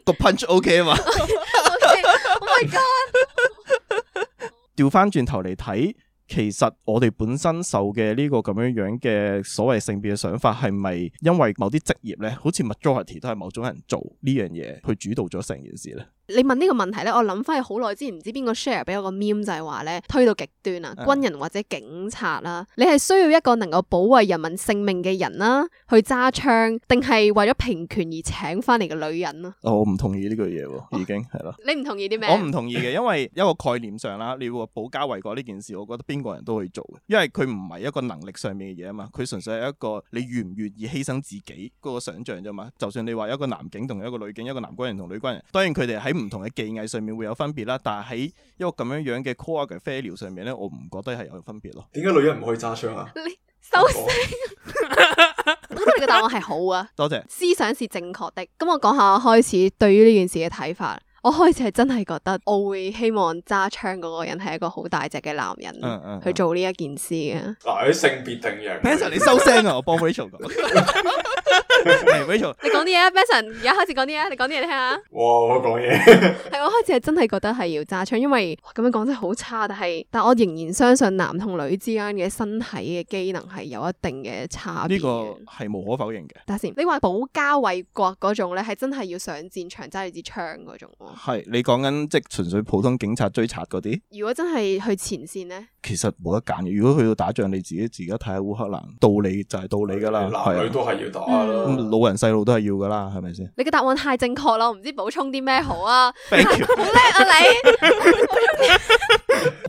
Speaker 2: 個 punch O K 啊嘛，O my
Speaker 3: God！
Speaker 2: 調翻轉頭嚟睇，其實我哋本身受嘅呢個咁樣樣嘅所謂性別嘅想法，係咪因為某啲職業咧，好似 majority 都係某種人做呢樣嘢去主導咗成件事咧？
Speaker 3: 你問呢個問題咧，我諗翻去好耐之前，唔知邊個 share 俾我個 meme 就係話咧，推到極端啊，軍人或者警察啦，嗯、你係需要一個能夠保衛人民性命嘅人啦，去揸槍，定係為咗平權而請翻嚟嘅女人
Speaker 2: 啊、哦？我唔同意呢句嘢，已經係咯。哦、了你
Speaker 3: 唔同意啲咩？我唔
Speaker 2: 同意嘅，因為一個概念上啦，你會話保家衛國呢件事，我覺得邊個人都可以做，因為佢唔係一個能力上面嘅嘢啊嘛，佢純粹係一個你願唔願意犧牲自己嗰個想象啫嘛。就算你話一個男警同一個女警，一個男軍人同女軍人，當然佢哋喺。唔同嘅技藝上面會有分別啦，但係喺一個咁樣樣嘅 core 嘅 value 上面咧，我唔覺得係有分別咯。點解女人唔可以揸槍啊？你
Speaker 3: 收聲！我覺得你嘅答案係好啊。 多謝。思想是正確的。咁我講下我開始對於呢件事嘅睇法。我開始係真係覺得我會希望揸槍嗰個人係一個好大隻嘅男人，去做呢一件事嘅。嗱、 嗯，喺、嗯嗯、 性別定型。先你收聲啊！我幫佢哋上堂。 你講啲嘢啊，Benson，而家開始講啲嘢。你講啲嘢聽下。
Speaker 4: 哇，我講嘢。
Speaker 3: 係我開始係真係覺得係要揸槍，因為咁樣講真係好差，但係但我仍然相信男同女之間嘅身體嘅機能係有一定嘅差別。
Speaker 2: 呢個係無可否認嘅。
Speaker 3: 但係，你話保家衛國嗰種咧，係真係要上戰場揸住支槍嗰種。
Speaker 2: 係你講緊即係純粹普通警察追賊嗰啲？
Speaker 3: 如果真係去前線咧？
Speaker 2: 其實冇得揀嘅。如果佢要打仗，你自己自己睇下烏克蘭，道理就係道理噶啦。佢都係要
Speaker 3: 打。咁
Speaker 2: 老人細路都係要噶啦，係咪先？
Speaker 3: 你嘅答案太正確啦，我唔知補充啲咩好啊。Thank you，好叻啊你。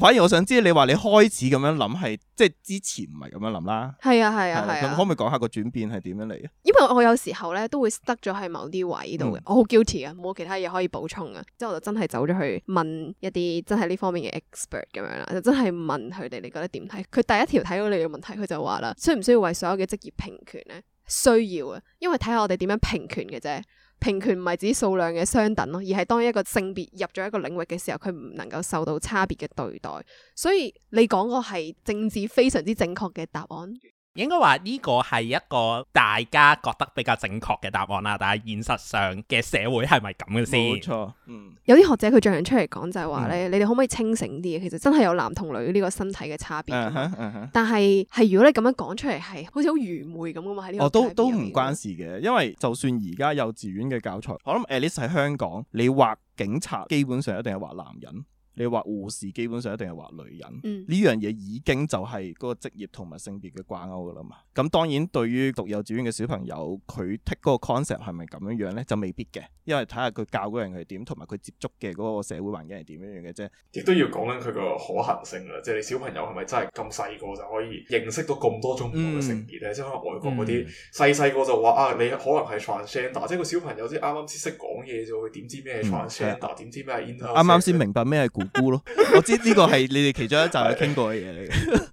Speaker 2: 反而我想知你話你開始咁樣諗係，即係之前唔係咁樣諗啦。係
Speaker 3: 啊係啊係啊。咁可
Speaker 2: 唔可以講下個轉變係點樣嚟
Speaker 3: 啊？因為我有時候咧都會 stuck 咗喺某啲位度嘅。我好 guilty 啊，冇其他嘢可以補充啊。之後就真係走咗去問一啲真係呢方面嘅 expert 咁樣啦，就真係問。佢哋，你覺得點睇？佢第一條睇到你嘅問題，佢就話啦，需唔需要為所有嘅職業平權咧？需要啊，因為睇下我哋點樣平權嘅啫。平權唔係指數量嘅相等咯，而係當一個性別入咗一個領域嘅時候，佢唔能夠受到差別嘅對待。所以你講個係政治非常之正確嘅答案。應該話呢
Speaker 1: 個係一個大家覺得比較正確嘅答案啦，但係現實上嘅社會係咪咁嘅先？冇錯，嗯。
Speaker 3: 有啲學者佢最近出嚟講就係話咧，你哋可唔可以清醒啲？其實真係有男同女呢個身體嘅差別。嗯
Speaker 1: 哼嗯哼。
Speaker 3: 但係係如果你咁樣講出嚟係好似好愚昧咁㗎嘛？喺呢個哦都
Speaker 2: 都唔關事嘅，因為就算而家幼稚園嘅教材，我諗 At least 係香港，你畫警察基本上一定係畫男人。你話護士基本上一定係話女人，呢樣嘢已經就係嗰個職業同埋性別嘅掛鈎㗎啦嘛。咁當然對於讀幼稚園嘅小朋友，佢 take 嗰個 concept 係咪咁樣樣咧，就未必嘅。因為睇下佢教嗰樣係點，同埋佢接觸嘅嗰個社會環境係點樣樣嘅啫。亦都要講
Speaker 4: 緊佢個可行性啊，即係你小朋友係咪真係咁細個就可以認識到咁多種唔同嘅性別咧？嗯、即係可能外國嗰啲細細個就話啊，你可能係 transgender 即係個小朋友先啱啱先識講嘢就會，點知咩 transgender？點、嗯嗯、知咩 inter？啱啱
Speaker 2: 先明白咩係估咯， 我知呢個係你哋其中一集係傾過嘅嘢
Speaker 3: 嚟嘅。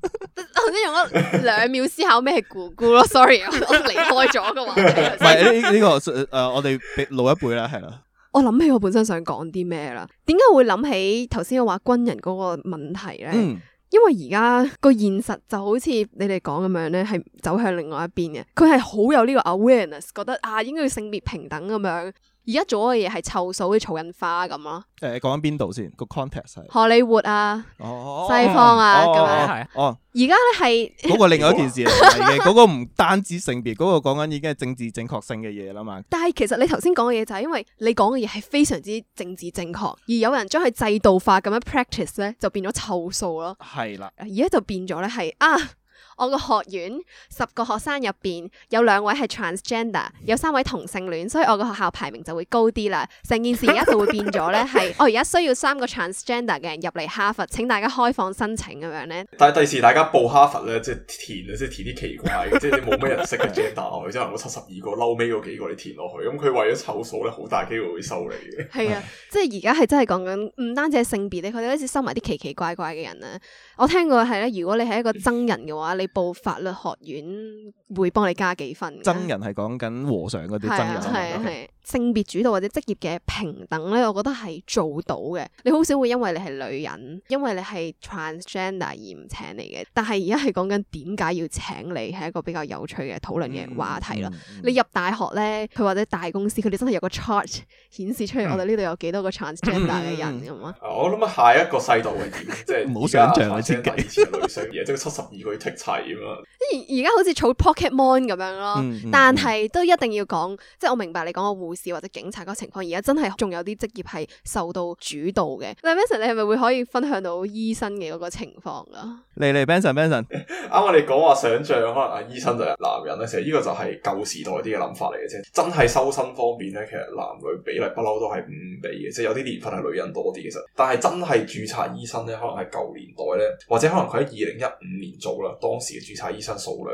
Speaker 3: 我先用咗兩秒思考鼓鼓，咩係咕咕咯？Sorry， 我離開咗個
Speaker 2: 話題。唔係呢呢個誒、呃，我哋老一輩啦，係啦。
Speaker 3: 我諗起我本身想講啲咩啦？點解會諗起頭先我話軍人嗰個問題咧？嗯、因為而家個現實就好似你哋講咁樣咧，係走向另外一邊嘅。佢係好有呢個 awareness，覺得啊，應該要性別平等咁樣。而家做嘅嘢係湊數嘅草印花咁咯。
Speaker 2: 誒，講緊邊度先？個 context 係。
Speaker 3: 荷里活啊，哦、西方啊，咁樣係哦，而家咧係嗰個另外一件事嚟嘅。嗰、哦、
Speaker 2: 個唔單止性別，嗰 個講緊已經係政治正確性嘅嘢啦嘛。
Speaker 3: 但係其實你頭先講嘅嘢就係因為你講嘅嘢係非常之政治正確，而有人將佢制度化咁樣 practice 咧，就變咗湊數咯。
Speaker 2: 係啦的。
Speaker 3: 而家就變咗咧係啊。我個學院十個學生入邊有兩位係 transgender，有三位同性戀，所以我個學校排名就會高啲啦。成件事而家就會變咗咧，係我而家需要三個 transgender 嘅人入嚟哈佛，請大家開放申請咁樣咧。
Speaker 4: 但係第時大家報哈佛咧，即係填啊，即係填啲奇怪嘅， 即係你冇咩人識嘅 gender 落去， 之後嗰七十二個嬲尾嗰幾個你填落去，咁佢為咗湊數咧，好大機會會收你嘅。係啊
Speaker 3: 即係而家係真係講緊唔單止係性別咧，佢哋好似收埋啲奇奇怪怪嘅人啊。我聽過係咧，如果你係一個僧人嘅話，你報法律學院會幫你加幾分。僧人
Speaker 2: 係講緊和尚嗰啲僧人。係呀，係呀。
Speaker 3: 性別主導或者職業嘅平等咧，我覺得係做到嘅。你好少會因為你係女人，因為你係 transgender 而唔請你嘅。但係而家係講緊點解要請你，係一個比較有趣嘅討論嘅話題咯。嗯嗯、你入大學咧，佢或者大公司，佢哋真係有個 chart 顯示出嚟，我哋呢度有幾多個 transgender 嘅人咁啊。我諗下一個世道嘅嘢，即係
Speaker 4: 唔好想象即設計，嘢、嗯，即係七十二個剔齊咁
Speaker 3: 啊。而而家好似儲 Pokémon 咁樣咯，但係都一定要講，即、就、係、是、我明白你講個或者警察嗰個情況，而家真係仲有啲職業係受到主導嘅。那 Benjamin 你係咪會可以分享到醫生嘅嗰個情況啊？
Speaker 2: 嚟嚟 Benjamin Benjamin
Speaker 4: 啱我哋講話想象可能啊，醫生就係男人咧，其實呢個就係舊時代啲嘅諗法嚟嘅啫。真係收生方面咧，其實男女比例不嬲都係五比嘅，即係有啲年份係女人多啲嘅啫，但係真係注冊醫生咧，可能係舊年代咧，或者可能佢喺二零一五年做啦，當時嘅注冊醫生數量。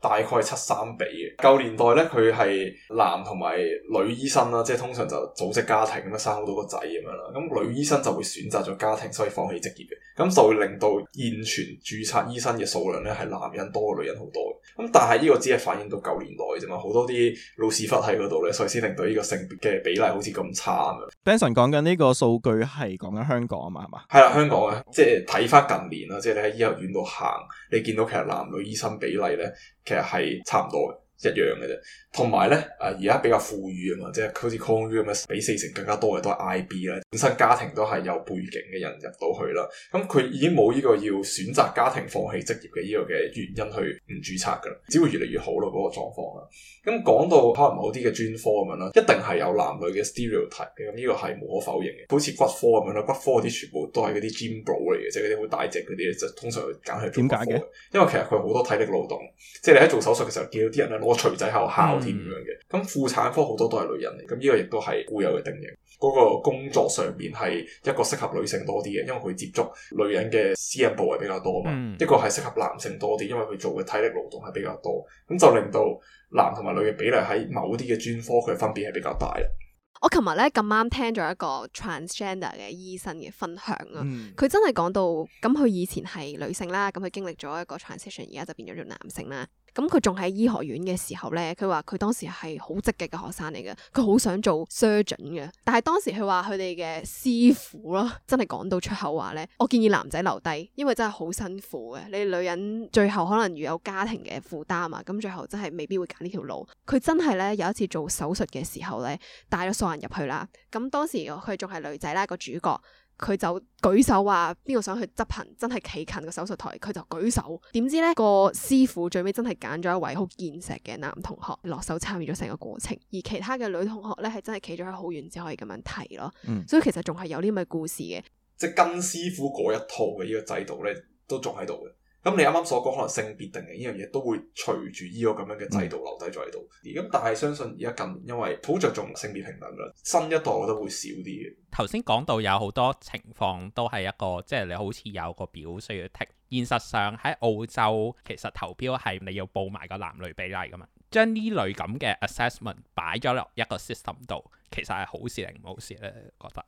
Speaker 4: 大概七三比嘅，舊年代咧，佢係男同埋女醫生啦，即係通常就組織家庭咁樣生好多個仔咁樣啦。咁女醫生就會選擇咗家庭，所以放棄職業嘅，咁就會令到現存註冊醫生嘅數量咧，係男人多女人好多。咁但係呢個只係反映到舊年代啫嘛，好多啲老屎忽喺嗰度咧，所以先令到呢個性別嘅比例好似咁差啊。
Speaker 2: Benson 講緊呢個數據係講緊香港啊嘛，係嘛？
Speaker 4: 係啦，香港嘅，即係睇翻近年啦，即係你喺醫學院度行，你見到其實男女醫生比例咧。其實係差唔多嘅。一樣嘅啫，同埋咧，誒而家比較富裕啊嘛，即係好似 college 咁樣，比四成更加多嘅都係 IB 啦，本身家庭都係有背景嘅人入到去啦，咁佢已經冇呢個要選擇家庭放棄職業嘅呢個嘅原因去唔註冊噶啦，只會越嚟越好咯，嗰、嗰個狀況啊。咁講到可能某啲嘅專科咁樣啦，一定係有男女嘅 stereotype，咁呢個係無可否認嘅。好似骨科咁樣啦，骨科嗰啲全部都係嗰啲 gym bro 嚟嘅，即係嗰啲好大隻嗰啲，就通常揀去做。點解嘅？因為其實佢好多體力勞動，即係你喺做手術嘅時候見到啲人咧我隨仔喺學校添咁樣嘅，咁婦產科好多都係女人嚟，咁呢個亦都係固有嘅定型。嗰、個工作上面係一個適合女性多啲嘅，因為佢接觸女人嘅私隱部位比較多嘛。嗯、一個係適合男性多啲，因為佢做嘅體力勞動係比較多，咁就令到男同埋女嘅比例喺某啲嘅專科佢分別係比較大啦。
Speaker 3: 我琴日咧咁啱聽咗一個 transgender 嘅醫生嘅分享啊，佢、嗯、真係講到咁佢以前係女性啦，咁佢經歷咗一個 transition，而家就變咗做男性啦。咁佢仲喺醫學院嘅時候咧，佢話佢當時係好積極嘅學生嚟嘅，佢好想做 surgeon 嘅。但係當時佢話佢哋嘅師傅咯，真係講到出口話咧，我建議男仔留低，因為真係好辛苦嘅。你女人最後可能要有家庭嘅負擔啊，咁最後真係未必會揀呢條路。佢真係咧有一次做手術嘅時候咧，帶咗所有人入去啦。咁當時佢仲係女仔啦，個主角。佢就舉手話邊個想去執行，真係企近個手術台，佢就舉手。點知呢個師傅最尾真係揀咗一位好健碩嘅男同學落手參與咗成個過程，而其他嘅女同學呢係真係企咗喺好遠，只可以咁樣睇咯。嗯、所以其實仲係有啲咁嘅故事嘅，
Speaker 4: 即係跟師傅嗰一套嘅呢個制度呢，都仲喺度嘅。咁你啱啱所講可能性別定型呢樣嘢都會隨住呢個咁樣嘅制度留低咗喺度，咁、嗯、但係相信而家近因為好著重性別平等啦，新一代我覺得會少啲嘅。
Speaker 1: 頭先講到有好多情況都係一個，即係你好似有個表需要剔。現實上喺澳洲其實投標係你要報埋個男女比例噶嘛，將呢類咁嘅 assessment 擺咗落一個 system 度，其實係好事定唔好事咧？覺得？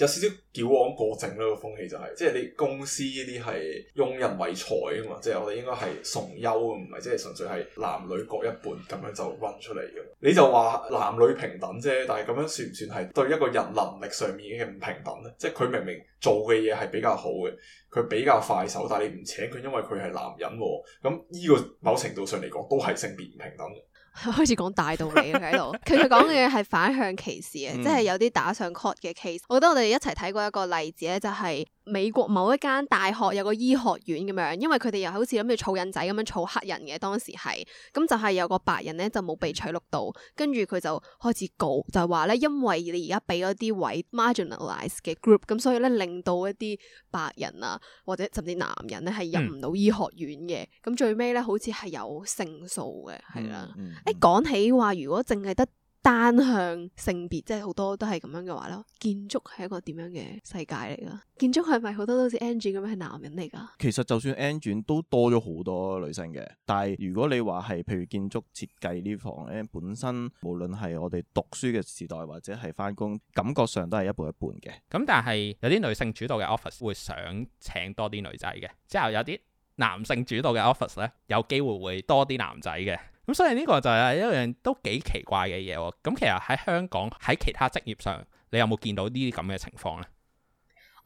Speaker 4: 有少少矯枉過正呢個風氣就係，即係你公司呢啲係用人唯才啊嘛，即係我哋應該係崇優，唔係即係純粹係男女各一半咁樣就 run 出嚟嘅。你就話男女平等啫，但係咁樣算唔算係對一個人能力上面嘅唔平等呢？即係佢明明做嘅嘢係比較好嘅，佢比較快手，但係你唔請佢，因為佢係男人喎，咁呢個某程度上嚟講都係性
Speaker 3: 別唔平等。 開始講大道理佢喺度，其實講嘅係反向歧視嘅， 即係有啲打上 code 嘅 case。我覺得我哋一齊睇過一個例子咧，就係、是。美國某一間大學有個醫學院咁樣，因為佢哋又好似諗住儲印仔咁樣儲黑人嘅，當時係咁就係有個白人咧就冇被取錄到，跟住佢就開始告，就係話咧因為你而家俾咗啲位 marginalize 嘅 group，咁所以咧令到一啲白人啊或者甚至男人咧係入唔到醫學院嘅，咁、嗯、最尾咧好似係有勝訴嘅，係啦，誒講、嗯嗯欸、起話如果淨係得，單向性別，即係好多都係咁樣嘅話咧，建築係一個點樣嘅世界嚟噶？建築係咪好多都似 Angie 咁樣係男人嚟噶？
Speaker 2: 其實就算 Angie 都多咗好多女性嘅，但係如果你話係譬如建築設計呢行咧，本身無論係我哋讀書嘅時代或者係翻工，感覺上都係一半一半嘅。
Speaker 1: 咁但係有啲女性主導嘅 office 會想請多啲女仔嘅，之後有啲男性主導嘅 office 咧，有機會會多啲男仔嘅。咁所以呢個就係一樣都幾奇怪嘅嘢。咁其實喺香港喺其他職業上，你有冇見到呢啲咁嘅情況呢？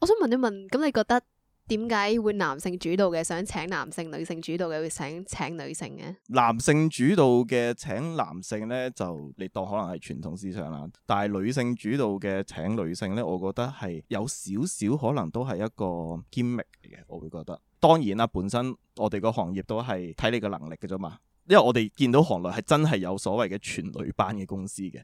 Speaker 3: 我想問一問，咁你覺得點解會男性主導嘅想請男性，女性主導嘅會請請女性嘅？
Speaker 1: 男性主
Speaker 2: 導嘅請男性呢，就你當可能係傳統思想啦。但係女性主導嘅請女性呢，我覺得係有少少可能都係一個 gimmick 嚟嘅。我會覺得，當然啦，本身我哋個行業都係睇你個能力嘅啫嘛。因為我哋見到行內係真係有所謂嘅全女班嘅公司嘅，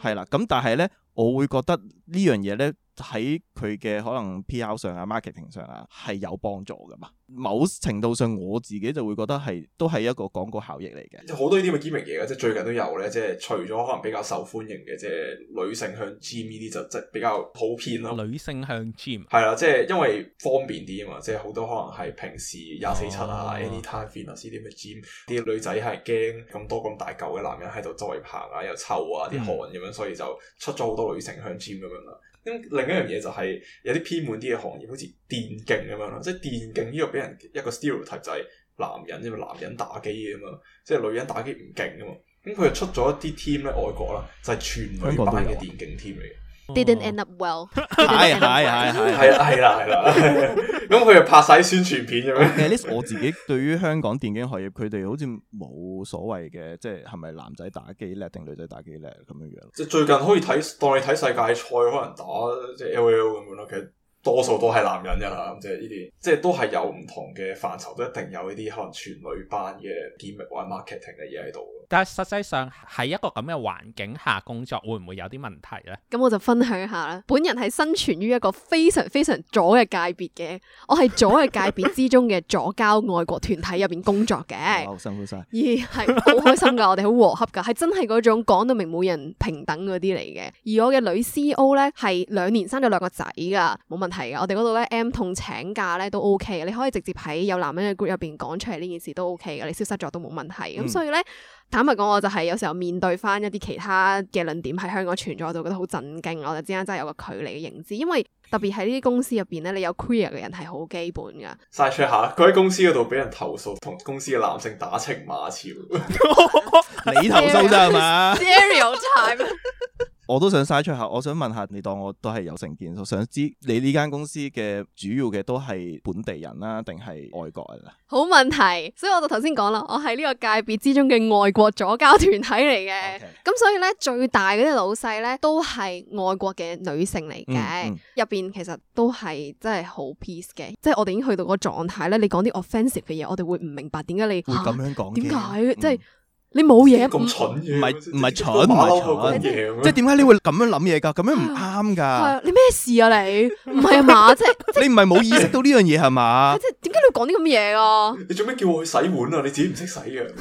Speaker 2: 係啦，哦，咁但係咧，我會覺得呢樣嘢咧。喺佢嘅可能 PR 上啊、marketing 上啊，係有幫助噶嘛？某程度上，我自己就會覺得係都係一個廣告效益嚟嘅。
Speaker 4: 好多呢啲咪 gym 名嘢嘅，即係最近都有咧。即係除咗可能比較受歡迎嘅，即係女性向 gym 呢啲就即係比較普遍咯。
Speaker 1: 女性向 gym
Speaker 4: 係啦，即係因為方便啲啊嘛。即係好多可能係平時廿四七啊，啊，anytime fitness 啲咁嘅 gym，啲女仔係驚咁多咁大嚿嘅男人喺度周圍行啊，又臭啊，啲汗咁樣，嗯、所以就出咗好多女性向 gym 咁樣啦。咁另一樣嘢就係有啲偏門啲嘅行業，好似電競咁樣咯，即係電競呢個俾人一個 stereotype 就係男人，因為男人打機嘅嘛，即係女人打機唔勁啊嘛，咁佢又出咗一啲 team 咧，外國啦就係全女班嘅電競 team 嚟嘅。
Speaker 3: Didn't end up well。係係係係係啦係
Speaker 4: 啦。咁佢又拍晒宣傳片咁樣？至少我自
Speaker 2: 己對於香港電競行業，佢哋好似冇所謂嘅，即係係咪男仔打機叻定女仔打機叻咁樣
Speaker 4: 樣？即係最近可以睇，當你睇世界賽，可能打即係 L O L 咁樣咯。其實多數都係男人㗎喇，即係呢啲，即係都係有唔同嘅範疇，都一定有呢啲可能全女班嘅兼職或 marketing 嘅嘢喺
Speaker 1: 度。但係實際上喺一個咁嘅環境下工作會唔會有啲問題咧？
Speaker 3: 咁我就分享一下啦。本人係生存於一個非常非常左嘅界別嘅，我係左嘅界別之中嘅左交外國團體入邊工作嘅。辛苦晒。而係好開心噶，我哋好和洽噶，係 真係嗰種講到明，冇人平等嗰啲嚟嘅。而我嘅女 CEO 咧係兩年生咗兩個仔噶，冇問題噶。我哋嗰度咧 M 痛請假咧都 O K 嘅，你可以直接喺有男人嘅 group 入邊講出嚟呢件事都 O K 嘅，你消失咗都冇問題。咁、嗯、所以咧。坦白講，我就係有時候面對翻一啲其他嘅論點喺香港存在，我就覺得好震驚。我就之間真係有個距離嘅認知，因為特別喺呢啲公司入邊咧，你有 queer 嘅人係好基本噶。
Speaker 4: 晒出下，佢喺公司嗰度俾人投訴，同公司嘅男性打情罵俏，
Speaker 3: 你投訴啫係嘛 stereotype。
Speaker 2: 我都想嘥出下，我想問下你，當我都係有成見，我想知你呢間公司嘅主要嘅都係本地人啦、啊，定係外國人咧、啊？
Speaker 3: 好問題，所以我就頭先講啦，我係呢個界別之中嘅外國左交團體嚟嘅，咁 Okay. 所以咧，最大嗰啲老細咧都係外國嘅女性嚟嘅，入邊、嗯嗯、其實都係真係好 peace 嘅，即、就、係、是、我哋已經去到個狀態咧。你講啲 offensive 嘅嘢，我哋會唔明白點解你會咁樣講？點解、啊？即係。嗯你冇嘢咁蠢，
Speaker 2: 唔係唔係蠢，唔係是蠢，即係點解你會咁樣諗嘢㗎？咁樣唔啱㗎。係啊，
Speaker 3: 你咩事啊？你唔係啊嘛？ 即
Speaker 2: 係你唔係冇意識到呢樣嘢係嘛？
Speaker 4: 即係
Speaker 3: 點解你講啲咁嘅嘢啊？
Speaker 4: 你做咩叫我去洗碗啊？你自己唔識洗嘅。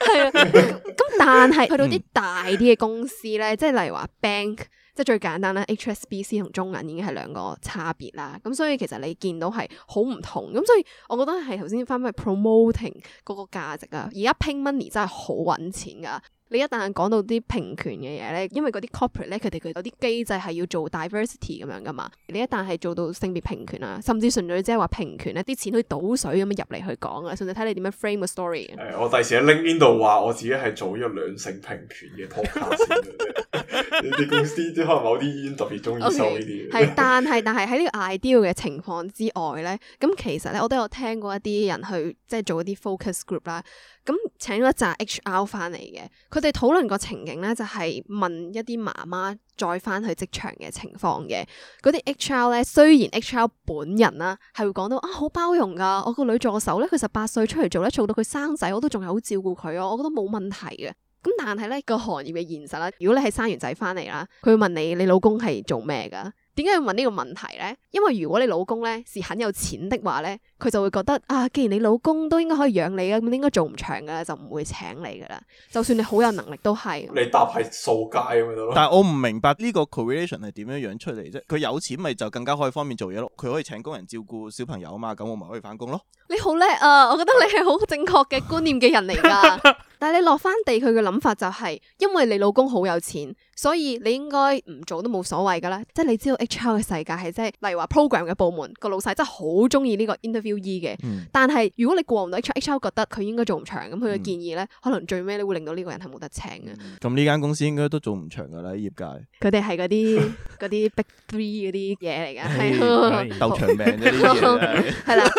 Speaker 4: 係
Speaker 3: 啊，咁但係去到啲大啲嘅公司咧，即係例如話 bank。即係最簡單啦，HSBC 同中銀已經係兩個差別啦，咁所以其實你見到係好唔同，咁所以我覺得係頭先翻翻去 promoting 嗰個價值啊，而家 PingMoney 真係好揾錢㗎。你一旦係講到啲平權嘅嘢咧，因為嗰啲 corporate 咧，佢哋佢有啲機制係要做 diversity 咁樣噶嘛。你一旦係做到性別平權啊，甚至順嘴即係話平權咧，啲錢可以倒水咁樣入嚟去講啊，順便睇你點樣 frame 個 story。哎，
Speaker 4: 我第時喺 LinkedIn 度話我自己係做咗兩性平權嘅 podcast 先。啲公司即可能某啲醫院特別中意收呢啲嘅。
Speaker 3: 但係但係喺呢個 ideal 嘅情況之外咧，咁其實咧我都有聽過一啲人去即係做一啲 focus group 啦，咁請咗一紮 HR 翻嚟嘅我哋討論個情景咧，就係問一啲媽媽再翻去職場嘅情況嘅，嗰啲 HR 咧，雖然 HR 本人啦係會講到啊好包容噶，我個女助手咧，佢十八歲出嚟做咧，做到佢生仔，我都仲係好照顧佢啊，我覺得冇問題嘅。咁但係咧個行業嘅現實啦，如果你係生完仔翻嚟啦，佢會問你你老公係做咩噶？點解要問呢個問題咧？因為如果你老公咧是很有錢的話咧，佢就會覺得啊，既然你老公都應該可以養你啊，咁你應該做唔長噶啦，就唔會請你噶啦。就算你好有能力都係。你
Speaker 4: 答係掃街咁樣。
Speaker 2: 但係我唔明白呢個 correlation 係點樣樣出嚟啫？佢有錢咪就更加可以方便做嘢咯。佢可以請工人照顧小朋友
Speaker 3: 啊嘛，咁我咪可以翻工咯。你好叻啊！我覺得你係好正確嘅觀念嘅人嚟噶。 但係你落翻地，佢嘅諗法就係，因為你老公好有錢。所以你應該唔做都冇所謂㗎啦，即係你知道 HR 嘅世界係即係，例如話 program 嘅部門老個老細真係好中意呢個 interviewee 嘅，e 嗯、但係如果你過唔到 HR，HR 覺得佢應該做唔長，咁佢嘅建議咧，嗯、可能最尾你會令到呢個人係冇得請嘅。
Speaker 2: 咁呢間公司應該都做唔長㗎啦，業界
Speaker 3: 佢哋係嗰啲啲 Big Three 嗰啲嘢嚟㗎，鬥長命啲嘢啦。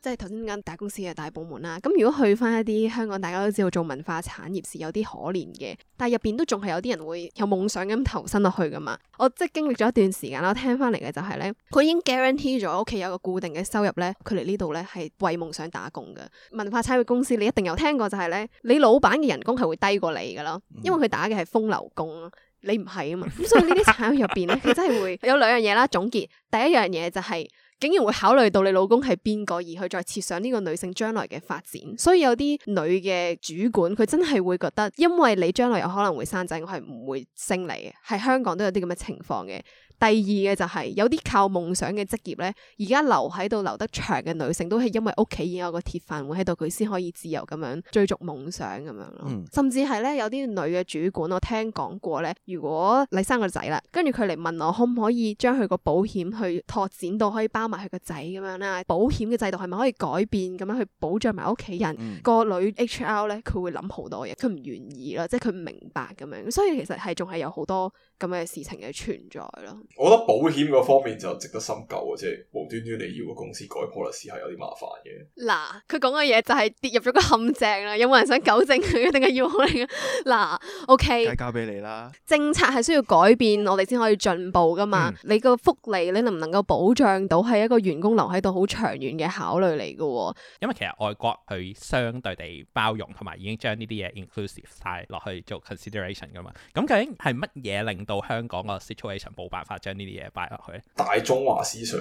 Speaker 3: 即係頭先間大公司嘅大部門啦，咁如果去翻一啲香港，大家都知道做文化產業是有啲可憐嘅，但係入邊都仲係有啲人會有夢想咁投身落去噶嘛。我即係經歷咗一段時間啦，我聽翻嚟嘅就係咧，佢已經 guarantee 咗屋企有個固定嘅收入咧，佢嚟呢度咧係為夢想打工，噶文化產業公司，你一定有聽過就係咧，你老闆嘅人工係會低過你噶囉，因為佢打嘅係風流工，你唔係啊嘛？咁 所以呢啲產業入邊咧，佢真係會有兩樣嘢啦。總結第一樣嘢就係。竟然會考慮到你老公係邊個，而去再設想呢個女性將來嘅發展，所以有啲女嘅主管佢真係會覺得，因為你將來有可能會生仔，我係唔會升你嘅。係香港都有啲咁嘅情況嘅。第二嘅就係、是、有啲靠夢想嘅職業咧，而家留喺度留得長嘅女性都係因為屋企已經有個鐵飯碗喺度，佢先可以自由咁樣追逐夢想咁樣咯。嗯、甚至係咧有啲女嘅主管，我聽講過咧，如果你生個仔啦，跟住佢嚟問我可唔可以將佢個保險去拓展到可以包。埋佢個仔咁樣啦，保險嘅制度係咪可以改變咁樣去保障埋屋企人？嗯、個女 HR 咧，佢會諗好多嘢，佢唔願意啦，即係佢唔明白咁樣，所以其實係仲係有好多咁嘅事情嘅存在咯。
Speaker 4: 我覺得保險嗰方面就值得深究啊，即係無端端你要個公司改 policy 係有啲麻煩嘅。
Speaker 3: 嗱，佢講嘅嘢就係跌入咗個陷阱啦，有冇人想糾正佢，一定係要我哋？嗱，OK，交俾
Speaker 4: 你啦。
Speaker 3: 政策係需要改變，我哋先可以進步噶嘛？嗯、你個福利你，你能唔能夠保障到係？一個員工留喺度好長遠嘅考慮嚟嘅、哦，
Speaker 1: 因為其實外國佢相對地包容，同埋已經將呢啲嘢 inclusive 晒落去做 consideration 噶嘛。咁究竟係乜嘢令到香港個 situation 冇辦法將呢啲嘢擺落去？大中華思想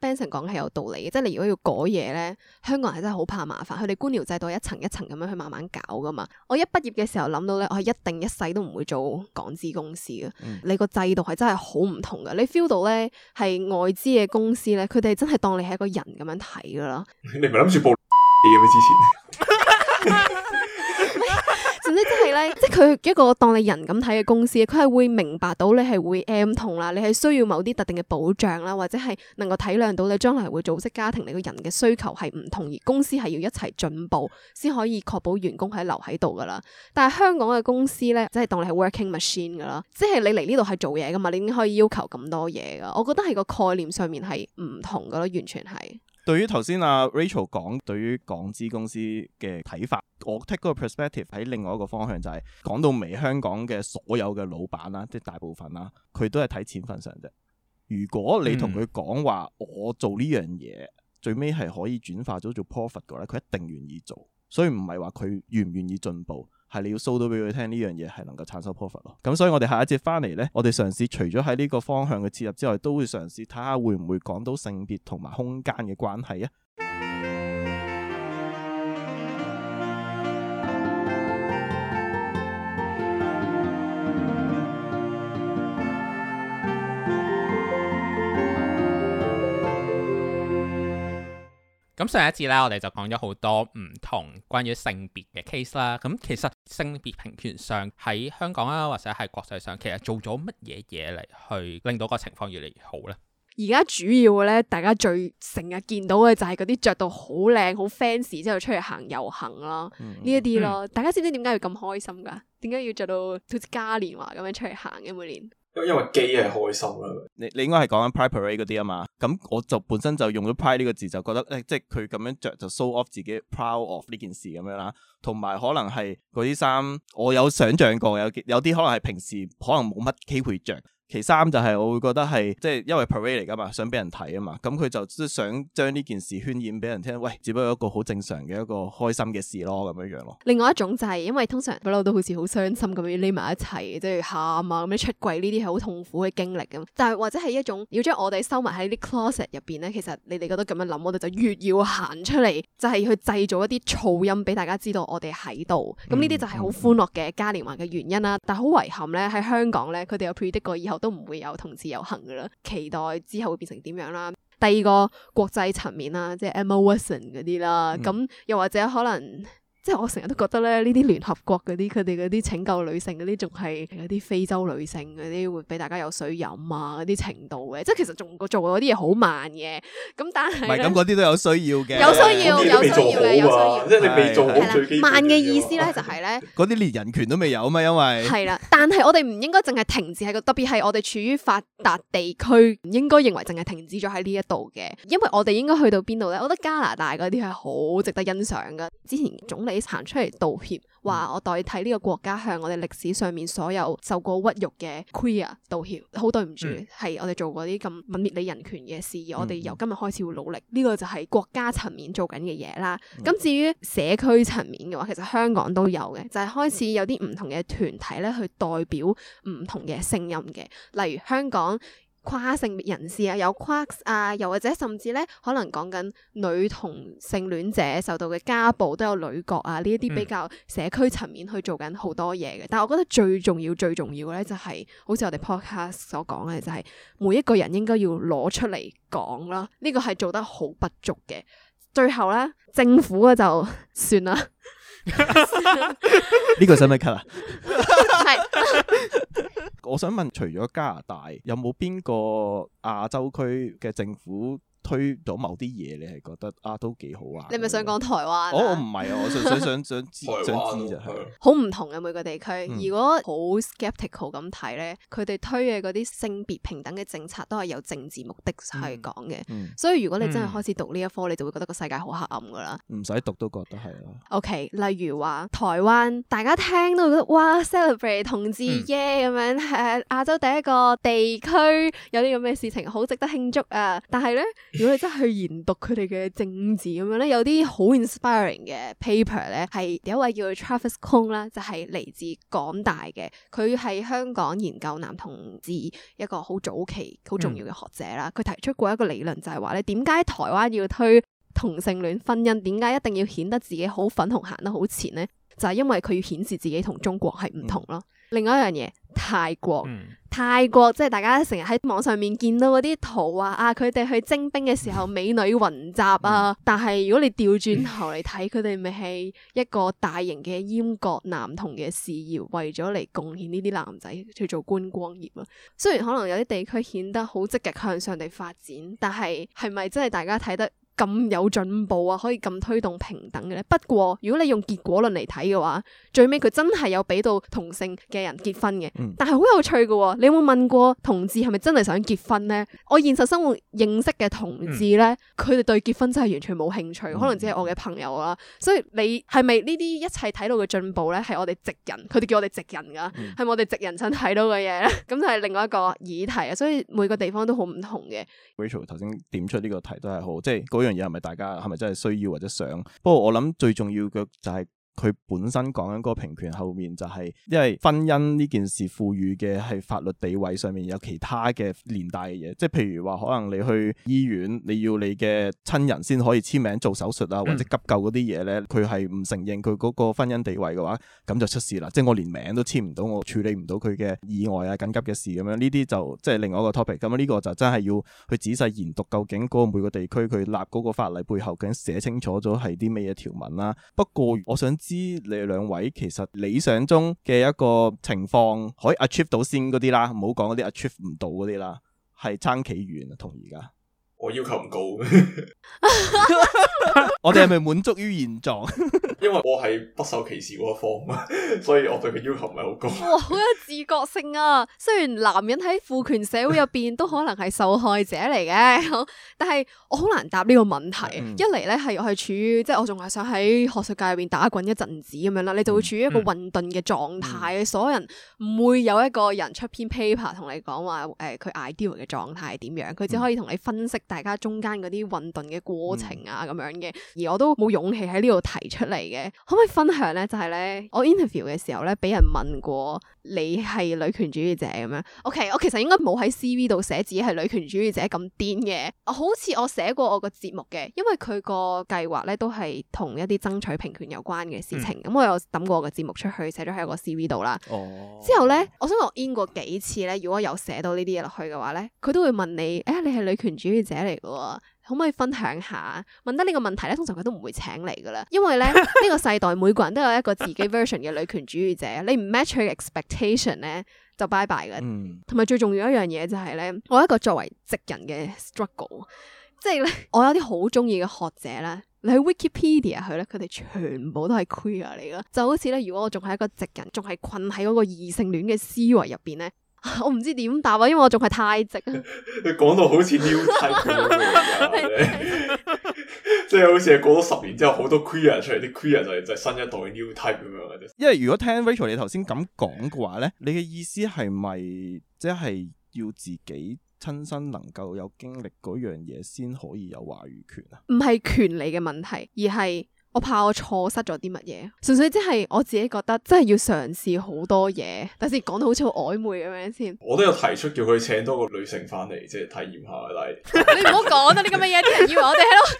Speaker 3: Benson 講係有道理嘅，即係你如果要改嘢咧，香港人係真係好怕麻煩，佢哋官僚制度一層一層咁樣去慢慢搞噶嘛。我一畢業嘅時候諗到咧，我係一定一世都唔會做港資公司嘅、嗯。你個制度係真係好唔同嘅，你 feel 到咧係外知嘅公司咧，佢哋真係當你係一個人咁樣睇噶咯，
Speaker 4: 你咪諗住報你嘅咩之前？
Speaker 3: 即係咧，即係佢一個當你人咁睇嘅公司，佢係會明白到你係會 M 痛啦，你係需要某啲特定嘅保障啦，或者係能夠體諒到你將來會組織家庭，你個人嘅需求係唔同，而公司係要一齊進步，先可以確保員工喺留喺度噶啦。但係香港嘅公司咧，即係當你係 working machine 噶啦，即係你嚟呢度係做嘢噶嘛，你唔可以要求咁多嘢噶。我覺得係個概念上面係唔同噶咯，完全係。
Speaker 2: 對於頭先阿 Rachel 講對於港資公司嘅睇法，我 take 個 perspective 喺另外一個方向就係講到尾香港嘅所有嘅老闆啦，即係大部分啦，佢都係睇錢份上啫。如果你同佢講話我做呢樣嘢，最尾係可以轉化咗做 profit 嘅咧，佢一定願意做。所以唔係話佢願唔願意進步。係你要 show 到俾佢聽呢樣嘢係能夠產生 profit 咯，咁所以我哋下一節翻嚟呢，我哋嘗試除咗喺呢個方向嘅切入之外，都會嘗試睇下會唔會講到性別同埋空間嘅關係啊。
Speaker 1: 咁上一次咧，我哋就講咗好多唔同關於性別嘅 case 啦。咁其實性別平權上喺香港啊或者係國際上，其實做咗乜嘢嘢嚟去令到個情況越嚟越好咧？
Speaker 3: 而家主要咧，大家最成日見到嘅就係嗰啲着到好靚好 fancy 之後出去行遊行啦，呢一啲咯。大家知唔知點解要咁開心噶？點解要着到好似嘉年華咁樣出去行嘅每年？
Speaker 4: 因因為機係
Speaker 2: 開心啦，你你應該係講緊 pride parade 嗰啲啊嘛，咁我就本身就用咗 pride 呢個字，就覺得咧，即係佢咁樣着就 show off 自己 proud of 呢件事咁樣啦，同埋可能係嗰啲衫，我有想象過有有啲可能係平時可能冇乜機會着。其三就係我會覺得係即係因為 parade 嚟噶嘛，想俾人睇啊嘛，咁佢就即係想將呢件事渲染俾人聽，喂，只不過一個好正常嘅一個開心嘅事咯，咁樣樣咯。
Speaker 3: 另外一種就係、是、因為通常不嬲都好似好傷心咁樣匿埋一齊，即係喊啊，咁樣出櫃呢啲係好痛苦嘅經歷咁，但係或者係一種要將我哋收埋喺啲 closet 入邊咧，其實你哋覺得咁樣諗，我哋就越要行出嚟，就係、是、去製造一啲噪音俾大家知道我哋喺度。咁呢啲就係好歡樂嘅嘉年華嘅原因啦。但係好遺憾咧，喺香港咧，佢哋有 predict 過以後。都唔會有同志遊行噶啦，期待之後會變成點樣啦。第二個國際層面啦，即係 Emma Watson 嗰啲啦，咁、嗯、又或者可能。即係我成日都覺得咧，呢啲聯合國嗰啲佢哋嗰啲拯救女性嗰啲，仲係嗰啲非洲女性嗰啲會俾大家有水飲啊嗰啲程度嘅，即係其實仲做嗰啲嘢好慢嘅。咁但係唔係咁嗰
Speaker 2: 啲都有需要嘅，有需要有需要嘅，有需要即係你未做係
Speaker 3: 慢嘅意思咧就係、是、咧，
Speaker 2: 嗰啲 連人權都未有啊嘛，因為係
Speaker 3: 啦，但係我哋唔應該淨係停止喺個，特別係我哋處於發達地區，唔應該認為淨係停止咗喺呢一度嘅，因為我哋應該去到邊度咧？我覺得加拿大嗰啲係好值得欣賞嘅，之前總理。你行出嚟道歉，話、嗯、我代替呢個國家向我哋歷史上面所有受過屈辱嘅 Queer 道歉，好對唔住，係、嗯、我哋做過啲咁泯滅你人權嘅事，嗯、我哋由今日開始會努力，呢、個就係國家層面做緊嘅嘢啦。咁、嗯、至於社區層面嘅話，其實香港都有嘅，就係、是、開始有啲唔同嘅團體咧，去代表唔同嘅聲音嘅，例如香港。跨性別人士啊，有跨啊，又或者甚至咧，可能講緊女同性戀者受到嘅家暴都有女角啊，呢一啲比較社區層面去做緊好多嘢嘅。但係我覺得最重要、最重要嘅咧、就係，就係好似我哋 podcast 所講嘅，就係每一個人應該要攞出嚟講啦。呢個係做得好不足嘅。最後咧，政府嘅就算啦。
Speaker 2: 呢個使唔使 cut 啊？ 我想問，除咗加拿大，有冇邊個亞洲區嘅政府？推到某啲嘢，你係覺得啊都幾好啊？你
Speaker 3: 咪想講台灣、啊？我唔係啊，我想想想，
Speaker 2: 想知、就係，
Speaker 3: 台灣就係好唔同嘅每個地區。嗯、如果好 skeptical 咁睇咧，佢哋推嘅嗰啲性別平等嘅政策都係有政治目的係講嘅。嗯、所以如果你真係開始讀呢一科，嗯、你就會覺得個世界好黑暗噶啦。
Speaker 2: 唔使讀都覺得係啦。
Speaker 3: O、okay, K，例如話台灣，大家聽都覺得哇 celebrate 同志耶咁樣，誒、嗯 yeah, 啊、亞洲第一個地區有啲咁嘅事情，好值得慶祝啊！但係咧。 如果你真係去研讀佢哋嘅政治咁樣咧，有啲好 inspiring 嘅 paper 咧，係有一位叫做 Travis Kong 啦，就係嚟自港大嘅。佢係香港研究男同志一個好早期、好重要嘅學者啦。佢提出過一個理論就係話咧，點解台灣要推同性戀婚姻？點解一定要顯得自己好粉紅、行得好前咧？就係、是、因為佢要顯示自己同中國係唔同咯。 另外一樣嘢，泰國，嗯、泰國即係大家成日喺網上面見到嗰啲圖啊，啊，佢哋去徵兵嘅時候美女雲集啊，嗯、但係如果你調轉頭嚟睇，佢哋咪係一個大型嘅閹割男童嘅事業，為咗嚟貢獻呢啲男仔叫做觀光業咯。雖然可能有啲地區顯得好積極向上地發展，但係係咪真係大家睇得？咁有進步啊，可以咁推動平等嘅咧。不過如果你用結果論嚟睇嘅話，最尾佢真係有俾到同性嘅人結婚嘅。嗯、但係好有趣嘅、啊，你有冇問過同志係咪真係想結婚咧？我現實生活認識嘅同志咧，佢哋、嗯、對結婚真係完全冇興趣。可能只係我嘅朋友啦。所以你係咪呢啲一切睇到嘅進步咧，係我哋直人，佢哋叫我哋直人㗎，係、嗯、我哋直人先睇到嘅嘢咧？咁就係另外一個議題啊。所以每個地方都好唔同嘅。
Speaker 2: Rachel 頭先點出呢個題都係好，即係又係咪大家係咪真係需要或者想？不過我諗最重要嘅就係、是。佢本身講緊嗰個平權後面就係，因為婚姻呢件事賦予嘅係法律地位上面有其他嘅連帶嘅嘢，即係譬如話可能你去醫院，你要你嘅親人先可以簽名做手術啊，或者急救嗰啲嘢咧，佢係唔承認佢嗰個婚姻地位嘅話，咁就出事啦。即係我連名都簽唔到，我處理唔到佢嘅意外啊緊急嘅事咁樣，呢啲就即係另外一個 topic。咁呢個就真係要去仔細研讀，究竟嗰個每個地區佢立嗰個法例背後究竟寫清楚咗係啲咩嘢條文啦、啊。不過我想。知你哋兩位其實理想中嘅一個情況可以 achieve 到先啲啦，唔好講啲 achieve 唔到啲啦，係撐期遠啊，同而家。
Speaker 4: 我要求唔高，
Speaker 2: 我哋係咪滿足於現狀？
Speaker 4: 因為我係不受歧視嗰一方，所以我對佢要求唔係好高。哇，
Speaker 3: 好有自覺性啊！雖然男人喺父權社會入邊都可能係受害者嚟嘅，但係我好難答呢個問題。嗯、一嚟咧係我係處於，即、就、係、是、我仲係想喺學術界入邊打滾一陣子咁樣啦，你就會處於一個混沌嘅狀態，嗯嗯，所有人唔會有一個人出篇 paper 同你講話，誒、呃，佢 ideal 嘅狀態係點樣？佢只可以同你分析。嗯大家中間嗰啲混沌嘅過程啊，咁樣嘅，而我都冇勇氣喺呢度提出嚟嘅，可唔可以分享咧？就係、是、咧，我 interview 嘅時候咧，俾人問過你係女權主義者咁樣。OK，我其實應該冇喺 CV 度寫自己係女權主義者咁癲嘅，好似我寫過我個節目嘅，因為佢個計劃咧都係同一啲爭取平權有關嘅事情。咁、嗯嗯、我有抌過我個節目出去寫咗喺我個 CV 度啦。哦、之後咧，我想問 in 過幾次咧？如果有寫到呢啲嘢落去嘅話咧，佢都會問你，誒、哎，你係女權主義者？嚟嘅可唔可以分享下？問得呢個問題咧，通常佢都唔會請你噶啦，因為咧呢 個世代每個人都有一個自己 version 嘅女權主義者，你唔 match 佢 expectation 咧就拜拜嘅。嗯。同埋最重要一樣嘢就係咧，我一個作為直人嘅 struggle，即係咧，我有啲好中意嘅學者咧，你去 Wikipedia 去，咧，佢哋全部都係 queer 嚟咯，就好似咧，如果我仲係一個直人，仲係困喺嗰個異性戀嘅思維入邊咧。我唔知點答啊，因為我仲係太直啊。 你
Speaker 4: 講到好似 new type 咁樣即係 好似係過咗十年之後，好多 queer、er、出嚟啲 queer 就係就係新一代 new type 咁樣，
Speaker 2: 因為如果聽 Rachel 你頭先咁講嘅話咧，你嘅意思係咪即係要自己親身能夠有經歷嗰樣嘢，先可以有話語權
Speaker 3: 啊？唔係權利嘅問題，而係。我怕我錯失咗啲乜嘢，純粹即係我自己覺得，真係要嘗試好多嘢，但先講到好似好曖昧咁樣先。
Speaker 4: 我都有提出叫佢請多個女性翻嚟，即係體驗下佢嚟
Speaker 3: 啊。你唔好講得呢咁嘅嘢，啲人以為我哋喺度。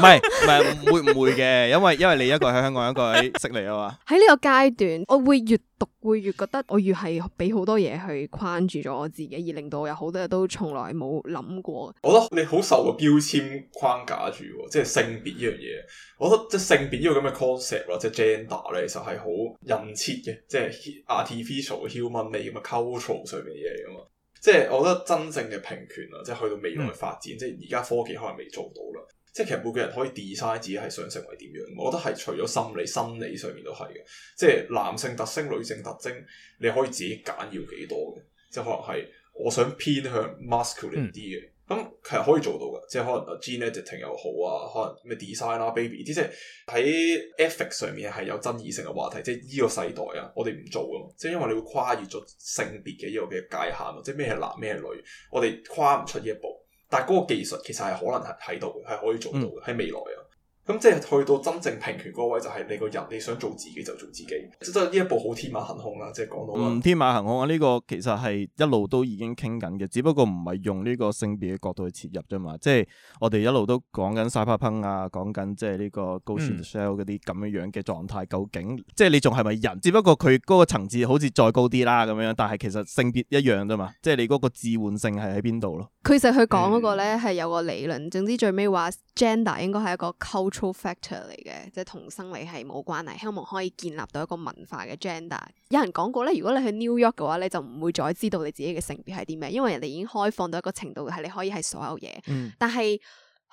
Speaker 3: 唔係
Speaker 4: 唔係，會唔會嘅？因為因為你一個喺香， 香港，一個喺悉尼啊
Speaker 2: 嘛。
Speaker 3: 喺呢個階段，我會越。讀會越覺得我越係俾好多嘢去框住咗我自己，而令到我有好多嘢都從來冇諗過。
Speaker 4: 我覺得你好受個標籤框架住，即係性別呢樣嘢。我覺得即係性別呢個咁嘅 concept 或者係 gender 咧，其實係好人切嘅，即係 artificial human 味咁嘅 culture 上嘅嘢啊嘛。即、hmm. 係我覺得真正嘅平權啊，即係去到未來發展，即係而家科技可能未做到啦。即係其實每個人可以 design 自己係想成為點樣，我覺得係除咗心理，心理上面都係嘅。即係男性特徵、女性特徵，你可以自己揀要幾多嘅。即係可能係我想偏向 masculine 啲嘅，咁、嗯、其實可以做到嘅。即係可能啊 gene editing 又好啊，可能咩 design 啦 baby，即係喺 ethics 上面係有爭議性嘅話題。即係呢個世代啊，我哋唔做嘛。即係因為你會跨越咗性別嘅呢個嘅界限啊，即係咩係男咩係女，我哋跨唔出呢一步。但係嗰個技術其實係可能係喺度嘅，係可以做到嘅，喺、嗯、未來啊。咁即係去到真正平權嗰位，就係你個人你想做自己就做自己，即係呢一步好天馬行空啊。即係講到。嗯，
Speaker 2: 天馬行空啊，呢、這個其實係一路都已經傾緊嘅，只不過唔係用呢個性別嘅角度去切入啫嘛。即係我哋一路都講緊 cyberpunk 啊，講緊即係呢個 Ghost in the Shell 嗰啲咁樣樣嘅狀態，嗯、究竟即係你仲係咪人？只不過佢嗰個層次好似再高啲啦咁樣，但係其實性別一樣啫嘛。即係你嗰個置換性係喺邊度咯？
Speaker 3: 其實佢講嗰個咧係有個理論，嗯、總之最尾話 gender 應該係一個溝。factor 嚟嘅，即係同生理係冇關係，希望可以建立到一個文化嘅 gender。有人講過咧，如果你去 New York 嘅話，你就唔會再知道你自己嘅性別係啲咩，因為人哋已經開放到一個程度，係你可以係所有嘢。嗯、但係。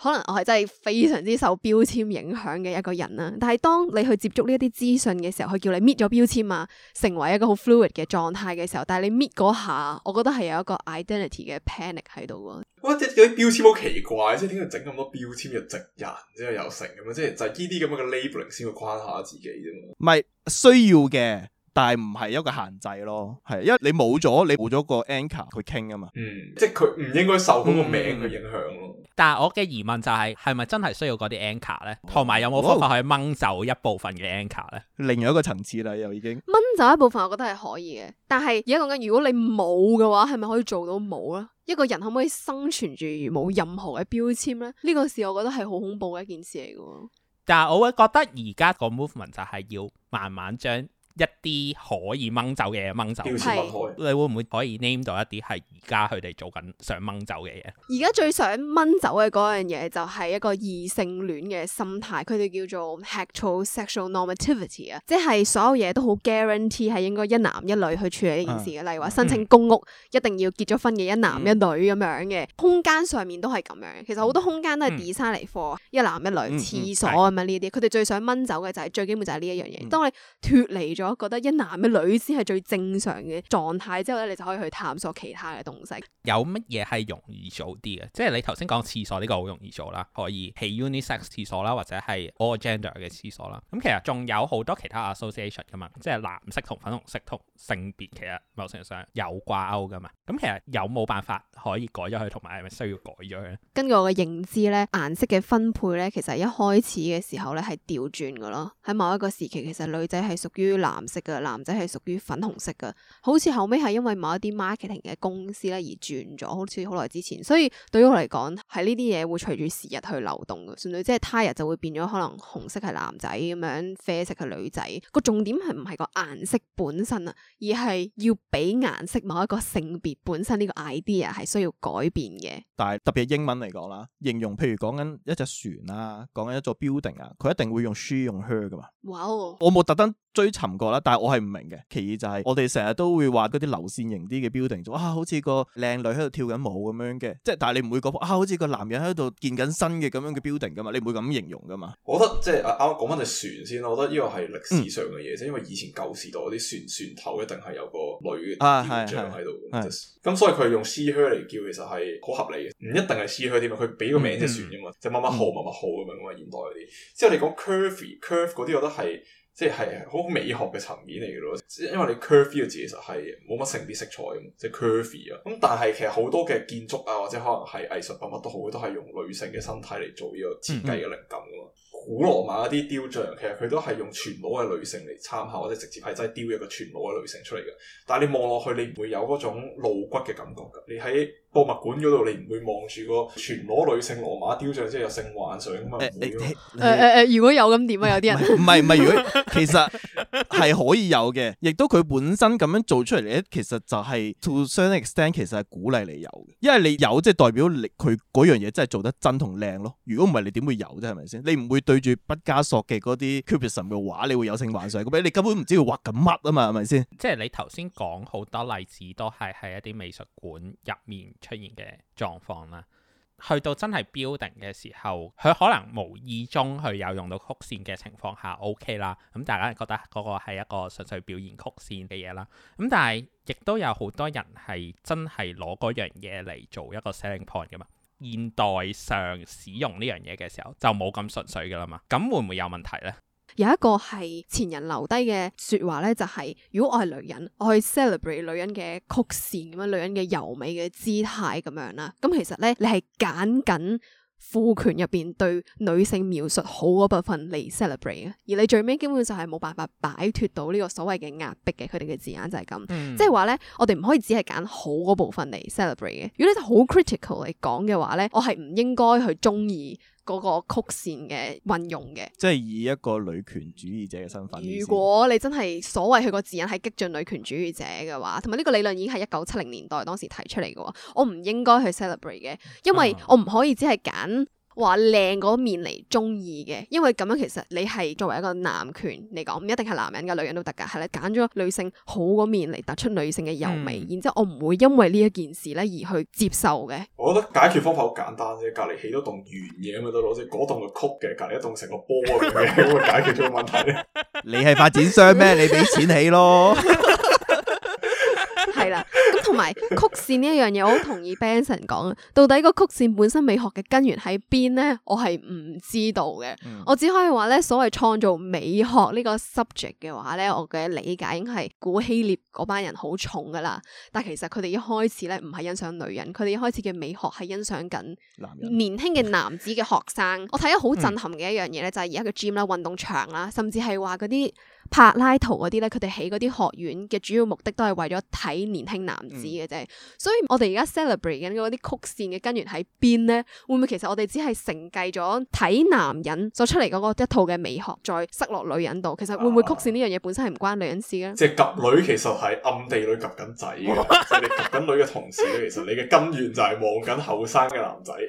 Speaker 3: 可能我係真係非常之受標籤影響嘅一個人啦、啊，但係當你去接觸呢一啲資訊嘅時候，佢叫你搣咗標籤啊，成為一個好 fluid 嘅狀態嘅時候，但係你搣嗰下，我覺得係有一個 identity 嘅 panic 喺度咯。我啲標籤
Speaker 4: 好奇怪，即係點解整咁多標籤嘅直人，之後又成咁啊？即係就呢啲咁嘅 labeling 先會框下自己啫嘛。唔
Speaker 3: 係
Speaker 2: 需要嘅。但係唔係一個限制咯，係，因為你冇咗你冇咗個 anchor 去傾啊嘛，嗯，
Speaker 4: 即係佢唔
Speaker 1: 應該受嗰個名嘅、嗯、
Speaker 2: 影
Speaker 4: 響咯。
Speaker 1: 但係我嘅疑問就係、是，係咪真係需要嗰啲 anchor 咧？同埋、哦、有冇方法去掹走一部分嘅 anchor 咧？
Speaker 2: 哦哦、另一個層次啦，又已經
Speaker 3: 掹走一部分，我覺得係可以嘅。但係而家講緊，如果你冇嘅話，係咪可以做到冇咧？一個人可唔可以生存住而冇任何嘅標籤咧？呢、呢個事我覺得係好恐怖嘅一件事嚟嘅。
Speaker 1: 但係我會覺得而家個 movement 就係要慢慢將。一啲可以掹走嘅掹走。係你會唔會可以 name 到一啲係而家佢哋做緊想掹走嘅嘢？
Speaker 3: 而家最想掹走嘅嗰樣嘢就係一個異性戀嘅心態，佢哋叫做 heterosexual normativity 啊，即係所有嘢都好 guarantee 係應該一男一女去處理呢件事嘅。例如話申請公屋一定要結咗婚嘅一男一女咁樣嘅，空間上面都係咁樣。其實好多空間都係二三嚟貨，一男一女、廁所咁樣呢啲。佢哋最想掹走嘅就係最基本就係呢一樣嘢。當你脫離咗。我覺得一男一女先係最正常嘅狀態，之後咧你就可以去探索其他嘅東西。
Speaker 1: 有乜嘢係容易做啲嘅？即係你頭先講廁所呢、呢個好容易做啦，可以起 unisex 廁所啦，或者係 all gender 嘅廁所啦。咁、嗯、其實仲有好多其他 association 噶嘛，即係藍色同粉紅色同性別其實某程度上有掛鈎噶嘛。咁、嗯、其實有冇辦法可以改咗佢，同埋係咪需要改咗佢咧？
Speaker 3: 根據我嘅認知咧，顏色嘅分配咧，其實一開始嘅時候咧係調轉嘅咯。喺某一個時期，其實女仔係屬於藍色嘅，男仔係屬於粉紅色嘅，好似後尾係因為某一啲 marketing 嘅公司咧而轉咗，好似好耐之前。所以對於我嚟講，係呢啲嘢，會隨住時日去流動嘅，純粹即係他日就會變咗，可能紅色係男仔咁樣，啡色係女仔。個重點係唔係個顏色本身啊，而係要俾顏色某一個性別本身呢個 idea 係需要
Speaker 2: 改變嘅。但係特別係英文嚟講啦，形容譬如講緊一隻船啦，講緊一座 building 啊，佢一,一定會用 she 用 her 噶嘛。
Speaker 3: 哇哦，
Speaker 2: 我冇特登。追尋過啦，但係我係唔明嘅。其二就係我哋成日都會話嗰啲流線型啲嘅 building，哇，好似個靚女喺度跳緊舞咁樣嘅。即係但係你唔會覺啊，好似個,、啊、個男人喺度健緊身嘅咁樣嘅 building 噶嘛，你唔會咁形容噶嘛。
Speaker 4: 我覺得即係啱啱講翻隻船先，我覺得呢個係歷史上嘅嘢啫，嗯、因為以前舊時代啲船船頭一定係有個女嘅形象喺度嘅。咁、啊啊、所以佢用 she her 嚟叫，其實係好合理嘅。唔一定係 she her 添佢俾個名隻、嗯、船啫嘛，就乜乜號乜乜號咁樣。因為現代嗰啲，之後你講 curvy curve 嗰啲，我覺得係。即係好美學嘅層面嚟嘅咯，因為你 curvy 嘅字其實係冇乜性別色彩嘅，即係 curvy 啊。咁但係其實好多嘅建築啊，或者可能係藝術品物都好，都係用女性嘅身體嚟做呢個設計嘅靈感噶嘛。嗯、古羅馬一啲雕像，其實佢都係用全裸嘅女性嚟參考，或者直接係真係雕一個全裸嘅女性出嚟嘅。但係你望落去，你唔會有嗰種露骨嘅感覺噶。你喺。博物館嗰度，你唔會望住個全裸女性羅馬雕像即係有性幻
Speaker 2: 想
Speaker 3: 噶嘛？誒誒誒，如果有咁點啊？不有啲人唔
Speaker 2: 係唔係，如果其實係可以有嘅，亦都佢本身咁樣做出嚟咧，其實就係、是、to certain extent，其實係鼓勵你有，因為你有即係、就是、代表你佢嗰樣嘢真係做得真同靚咯。如果唔係你點會有啫？係咪先？你唔會對住畢加索嘅嗰啲 cubism 嘅畫你會有性幻想？咁你根本唔知佢畫緊乜啊嘛？係咪先？
Speaker 1: 即係你頭先講好多例子都係喺一啲美術館入面。出現嘅狀況啦，去到真係 building 嘅時候，佢可能無意中去有用到曲線嘅情況下，OK 啦。咁、嗯、大家覺得嗰個係一個純粹表現曲線嘅嘢啦。咁、嗯、但係亦都有好多人係真係攞嗰樣嘢嚟做一個 selling point 㗎嘛。現代上使用呢樣嘢嘅時候，就冇咁純粹㗎啦嘛。咁會唔會有問題呢？
Speaker 3: 有一個係前人留低嘅説話咧，就係、是、如果我係女人，我去 celebrate 女人嘅曲線咁樣，女人嘅柔美嘅姿態咁樣啦。咁、嗯、其實咧，你係揀緊父權入邊對女性描述好嗰部分嚟 celebrate 嘅，而你最尾基本上係冇辦法擺脱到呢個所謂嘅壓迫嘅。佢哋嘅字眼就係咁，即係話咧，我哋唔可以只係揀好嗰部分嚟 celebrate 嘅。如果你就好 critical 嚟講嘅話咧，我係唔應該去中意。嗰個曲線嘅運用嘅，
Speaker 2: 即係以一個女權主義者嘅身份。如果
Speaker 3: 你真係所謂佢個字眼係激進女權主義者嘅話，同埋呢個理論已經係一九七零年代當時提出嚟嘅，我唔應該去 celebrate 嘅，因為我唔可以只係揀，話靚嗰面嚟中意嘅，因為咁樣其實你係作為一個男權嚟講，唔一定係男人嘅，女人都得噶，係啦，揀咗女性好嗰面嚟突出女性嘅柔美，嗯、然之後我唔會因為呢一件事咧而去接受嘅。
Speaker 4: 我覺得解決方法好簡單啫，隔籬起多棟圓嘢咪得咯，即嗰棟係曲嘅，隔籬一棟成個波咁嘅，咁 解決咗個問題。
Speaker 2: 你
Speaker 3: 係發展商
Speaker 2: 咩？你俾錢起咯。
Speaker 3: 係啦，咁同埋曲線呢一樣嘢，我好同意 Benson 講。到底個曲線本身美學嘅根源喺邊咧？我係唔知道嘅。嗯、我只可以話咧，所謂創造美學呢個 subject 嘅話咧，我嘅理解已經係古希臘嗰班人好重噶啦。但其實佢哋一開始咧唔係欣賞女人，佢哋一開始嘅美學係欣賞緊年輕嘅男子嘅學生。男人 我睇得好震撼嘅一樣嘢咧，就係而家嘅 gym 啦、運動場啦，甚至係話嗰啲柏拉圖嗰啲咧，佢哋起嗰啲學院嘅主要目的都係為咗睇。年輕男子嘅啫，嗯、所以我哋而家 celebrate 緊嗰啲曲線嘅根源喺邊咧？會唔會其實我哋只係承繼咗睇男人所出嚟嗰個一套嘅美學，再塞落女人度，其實會唔會曲線呢樣嘢本身係唔關女人事嘅？啊、即
Speaker 4: 係夾女其實係暗地裏夾緊仔，即係你夾緊女嘅同時咧，其實你嘅根源就係望緊後生嘅男仔。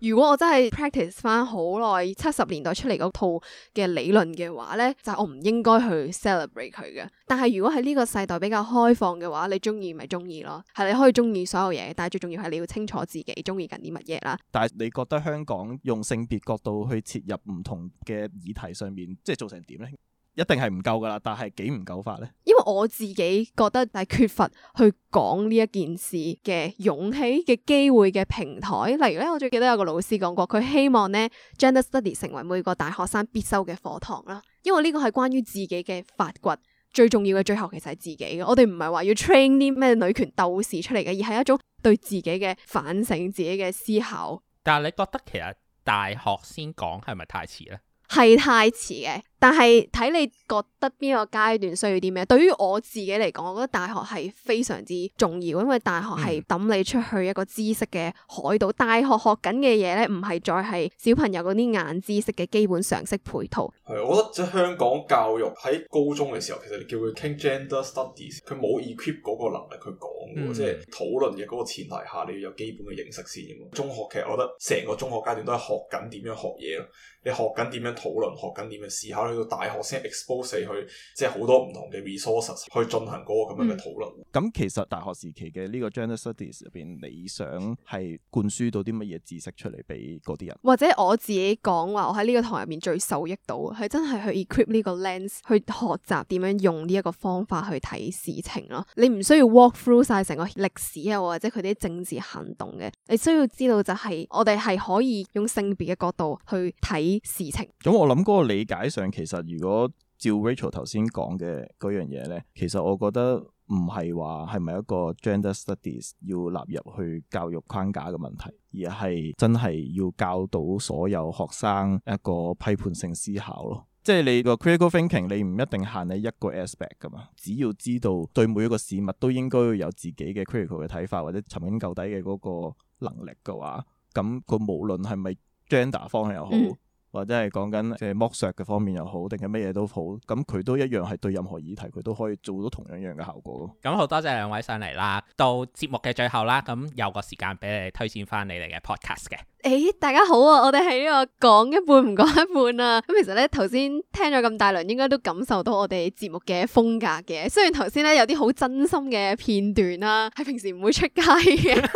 Speaker 3: 如果我真係 practice 翻好耐七十年代出嚟嗰套嘅理論嘅話咧，就係我唔應該去 celebrate 佢嘅。但係如果喺呢個世代比較開放嘅話，你中意咪中意咯。係你可以中意所有嘢，但係最重要係你要清楚自己中意緊啲乜嘢啦。
Speaker 2: 但係你覺得香港用性別角度去切入唔同嘅議題上面，即係做成點咧？一定係唔夠噶啦，但係幾唔夠法呢？
Speaker 3: 因為我自己覺得，係缺乏去講呢一件事嘅勇氣嘅機會嘅平台。例如咧，我最記得有個老師講過，佢希望呢 Gender Study 成為每個大學生必修嘅課堂啦。因為呢個係關於自己嘅發掘，最重要嘅最後其實係自己嘅。我哋唔係話要 train 啲咩女權鬥士出嚟嘅，而係一種對自己嘅反省、自己嘅思考。
Speaker 1: 但係你覺得其實大學先講係咪太遲呢？
Speaker 3: 係太遲嘅，但係睇你覺得邊個階段需要啲咩？對於我自己嚟講，我覺得大學係非常之重要，因為大學係抌你出去一個知識嘅海度。嗯、大學學緊嘅嘢咧，唔係再係小朋友嗰啲硬知識嘅基本常識配套。
Speaker 4: 係，我覺得即係香港教育喺高中嘅時候，其實你叫佢傾 gender studies，佢冇 equip 嗰個能力去講。即係討論嘅嗰個前提下，你要有基本嘅認識先。中學其實我覺得成個中學階段都係學緊點樣學嘢咯。你學緊點樣討論，學緊點樣思考，去到大學先 expose 去，即係好多唔同嘅 resources 去進行嗰個咁樣嘅討論。
Speaker 2: 咁、嗯、其實大學時期嘅呢個 gender studies 入邊，你想係灌輸到啲乜嘢知識出嚟俾嗰啲人？或者我
Speaker 3: 自己講話，我喺呢個堂入面最受益到，係真係去 equip 呢個 lens 去學習點樣用呢一個方法去睇事情咯。你唔需要 walk through 晒成個歷史啊，或者佢啲政治行動嘅，你需要知道就係、是、我哋係可以用性別嘅角度去睇。事情
Speaker 2: 咁，我諗嗰個理解上，其實如果照 Rachel 頭先講嘅嗰樣嘢呢，其實我覺得唔係話係咪一個 Gender Studies 要納入去教育框架嘅問題，而係真係要教到所有學生一個批判性思考咯。即係你個 Critical Thinking 你唔一定限喺一個 aspect 噶嘛，只要知道對每一個事物都應該要有自己嘅 Critical 嘅睇法或者尋根究底嘅嗰個能力嘅話，咁個無論係咪 Gender 方向又好。嗯或者係講緊即係剝削嘅方面又好，定係乜嘢都好，咁佢都一樣係對任何議題，佢都可以做到同樣一樣嘅效
Speaker 1: 果咯。咁好多謝兩位上嚟啦，到節目嘅最後啦，咁有個時間俾你推薦翻你哋嘅 podcast 嘅。
Speaker 3: 誒、欸，大家好啊！我哋喺呢個港一半唔講一半啊。咁其實咧，頭先聽咗咁大量，應該都感受到我哋節目嘅風格嘅。雖然頭先咧有啲好真心嘅片段啦，啊，係平時唔會出街嘅。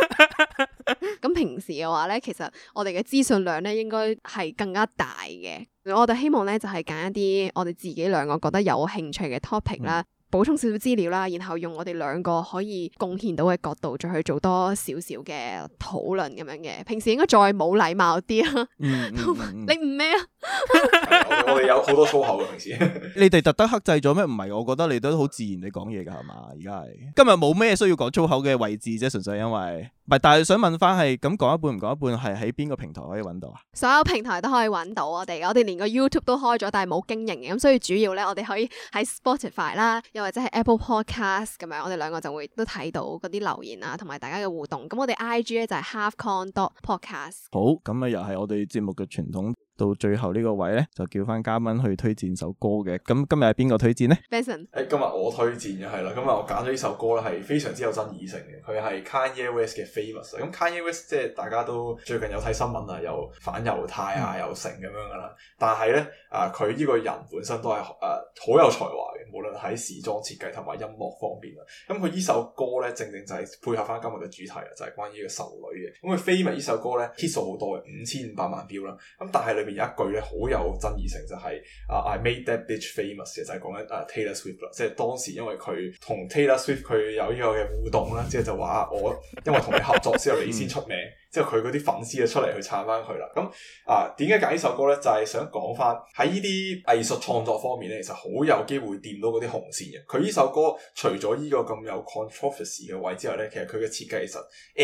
Speaker 3: 咁 平時嘅話咧，其實我哋嘅資訊量咧應該係更加大嘅。我哋希望咧就係、是、揀一啲我哋自己兩個覺得有興趣嘅 topic 啦，嗯。補充少少資料啦，然後用我哋兩個可以貢獻到嘅角度，再去做多少少嘅討論咁樣嘅。平時應該再冇禮貌啲啦，你唔咩啊？我
Speaker 4: 哋有好多粗口嘅陣時，你哋特登克制咗
Speaker 2: 咩？唔係，我覺得你都好自然，你講嘢噶係嘛？而家係今日冇咩需要講粗口嘅位置啫，純粹因為唔係。但係想問翻係咁講一半唔講一半，係喺邊個平台可以揾到啊？
Speaker 3: 所有平台都可以揾到我哋，我哋連個 YouTube 都開咗，但係冇經營嘅。咁所以主要咧，我哋可以喺 Spotify 啦，又或者係 Apple Podcast 咁樣，我哋兩個就會都睇到嗰啲留言啊，同埋大家嘅互動。咁我哋 IG 咧就係 HalfKong Dot Podcast。
Speaker 2: 好，咁啊又係我哋節目嘅傳統。到最後呢個位咧，就叫翻嘉賓去推薦首歌嘅。咁今日係邊個推薦
Speaker 3: 咧？Denson，
Speaker 4: 誒今日我推薦嘅係啦。今日我揀咗呢首歌咧，係非常之有爭議性嘅。佢係 Kanye West 嘅 Famous。咁 Kanye West 即係大家都最近有睇新聞啊，又反猶太啊，又成咁樣噶啦。但係咧啊，佢呢個人本身都係誒好有才華嘅，無論喺時裝設計同埋音樂方面啊。咁佢呢首歌咧，正正就係配合翻今日嘅主題啊，就係關於個仇女嘅。咁佢 Famous 呢首歌咧，hit 約好多嘅五千五百萬標啦。咁但係你。入面有一句咧，好有爭議性，就是，就係啊，I made that bitch famous，就係講緊啊 Taylor Swift 啦，即、就、係、是、當時因為佢同 Taylor Swift 佢有呢個嘅互動啦，即後就話啊，我因為同你合作之後，你先出名， 之後佢嗰啲粉絲就出嚟去撐翻佢啦。咁啊，點解揀呢首歌咧？就係、是、想講翻喺呢啲藝術創作方面咧，其實好有機會掂到嗰啲紅線嘅。佢呢首歌除咗呢個咁有 controversy 嘅位之外咧，其實佢嘅設計其實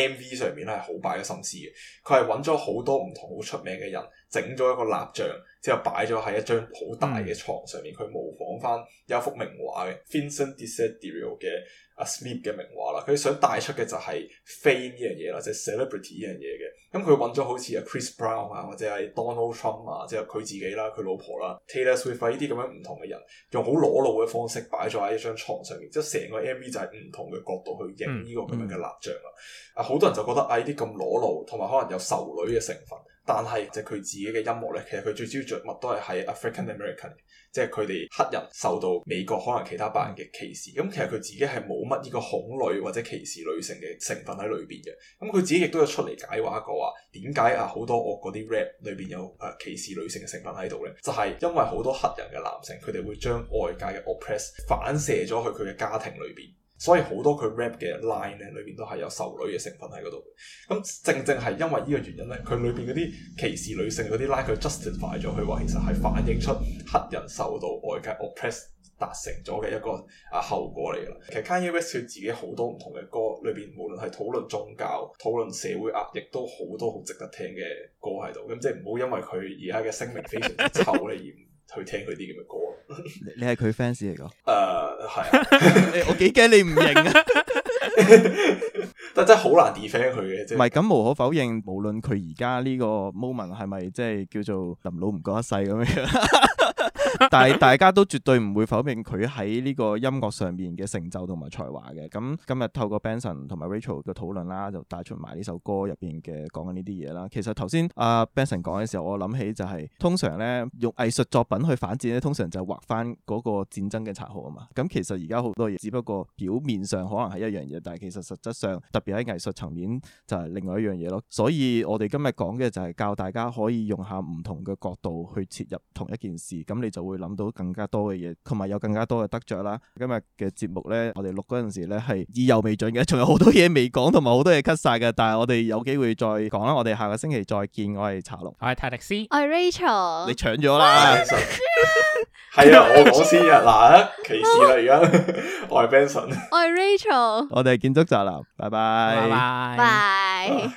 Speaker 4: MV 上面咧係好擺咗心思嘅。佢係揾咗好多唔同好出名嘅人。整咗一個蠟像之後擺咗喺一張好大嘅床上面，佢、嗯、模仿翻有一幅名畫嘅 Vincent Desiderio 嘅啊 Sleep 嘅名畫啦。佢想帶出嘅就係 fame 呢樣嘢啦，即、就、係、是、celebrity 呢樣嘢嘅。咁佢揾咗好似阿 Chris Brown 啊，或者係 Donald Trump 啊，即係佢自己啦，佢老婆啦 Taylor Swift 呢啲咁樣唔同嘅人，用好裸露嘅方式擺咗喺一張床上面，即係成個 MV 就係唔同嘅角度去影呢個咁樣嘅蠟像啦。啊、嗯，好、嗯、多人就覺得誒啲咁裸露，同埋可能有仇女嘅成分。但係就佢自己嘅音樂咧，其實佢最主要著墨都係喺 African American，即係佢哋黑人受到美國可能其他白人嘅歧視。咁、嗯、其實佢自己係冇乜呢個恐女或者歧視女性嘅成分喺裏邊嘅。咁、嗯、佢自己亦都有出嚟解話一個話，點解啊好多我嗰啲 rap 裏邊有誒、啊、歧視女性嘅成分喺度咧？就係、是、因為好多黑人嘅男性，佢哋會將外界嘅 oppress op p 反射咗去佢嘅家庭裏邊。所以好多佢 rap 嘅 line 咧，裏邊都係有仇女嘅成分喺嗰度。咁正正係因為呢個原因咧，佢裏邊嗰啲歧視女性嗰啲 line，佢 justify 咗佢話其實係反映出黑人受到外界 oppress 達成咗嘅一個啊後果嚟嘅啦。其實 Kanye West 佢自己好多唔同嘅歌裏邊，無論係討論宗教、討論社會壓抑，都好多好值得聽嘅歌喺度。咁即係唔好因為佢而家嘅聲名非常之臭而去聽佢啲咁嘅歌你，你你係佢 fans 嚟噶？誒，係，我幾驚你唔認啊！但真係好難 defend 佢嘅，唔係咁
Speaker 2: 無可否認，無論佢而家呢個 moment 係咪即係叫做臨老唔過一世咁樣。 但係大家都絕對唔會否認佢喺呢個音樂上面嘅成就同埋才華嘅。咁今日透過 Benson 同埋 Rachel 嘅討論啦，就帶出埋呢首歌入邊嘅講緊呢啲嘢啦。其實頭先阿 Benson 講嘅時候，我諗起就係通常咧用藝術作品去反戰咧，通常就畫翻嗰個戰爭嘅殘酷啊嘛。咁其實而家好多嘢，只不過表面上可能係一樣嘢，但係其實實質上特別喺藝術層面就係另外一樣嘢咯。所以我哋今日講嘅就係教大家可以用下唔同嘅角度去切入同一件事，咁你就會諗到更加多嘅嘢，同埋有更加多嘅得着啦。今日嘅節目咧，我哋錄嗰陣時咧係意猶未盡嘅，仲有好多嘢未講，同埋好多嘢 cut 晒嘅。但係我哋有機會再講啦，我哋下個星期再見。我係查龍，我係泰迪斯，
Speaker 3: 我係 Rachel，
Speaker 2: 你搶咗啦，
Speaker 3: 係啊，我講
Speaker 4: 先啊嗱，歧視啦而家，我係 Benson，
Speaker 3: 我係 Rachel，
Speaker 2: 我哋係建築宅男，拜拜，拜
Speaker 3: 拜。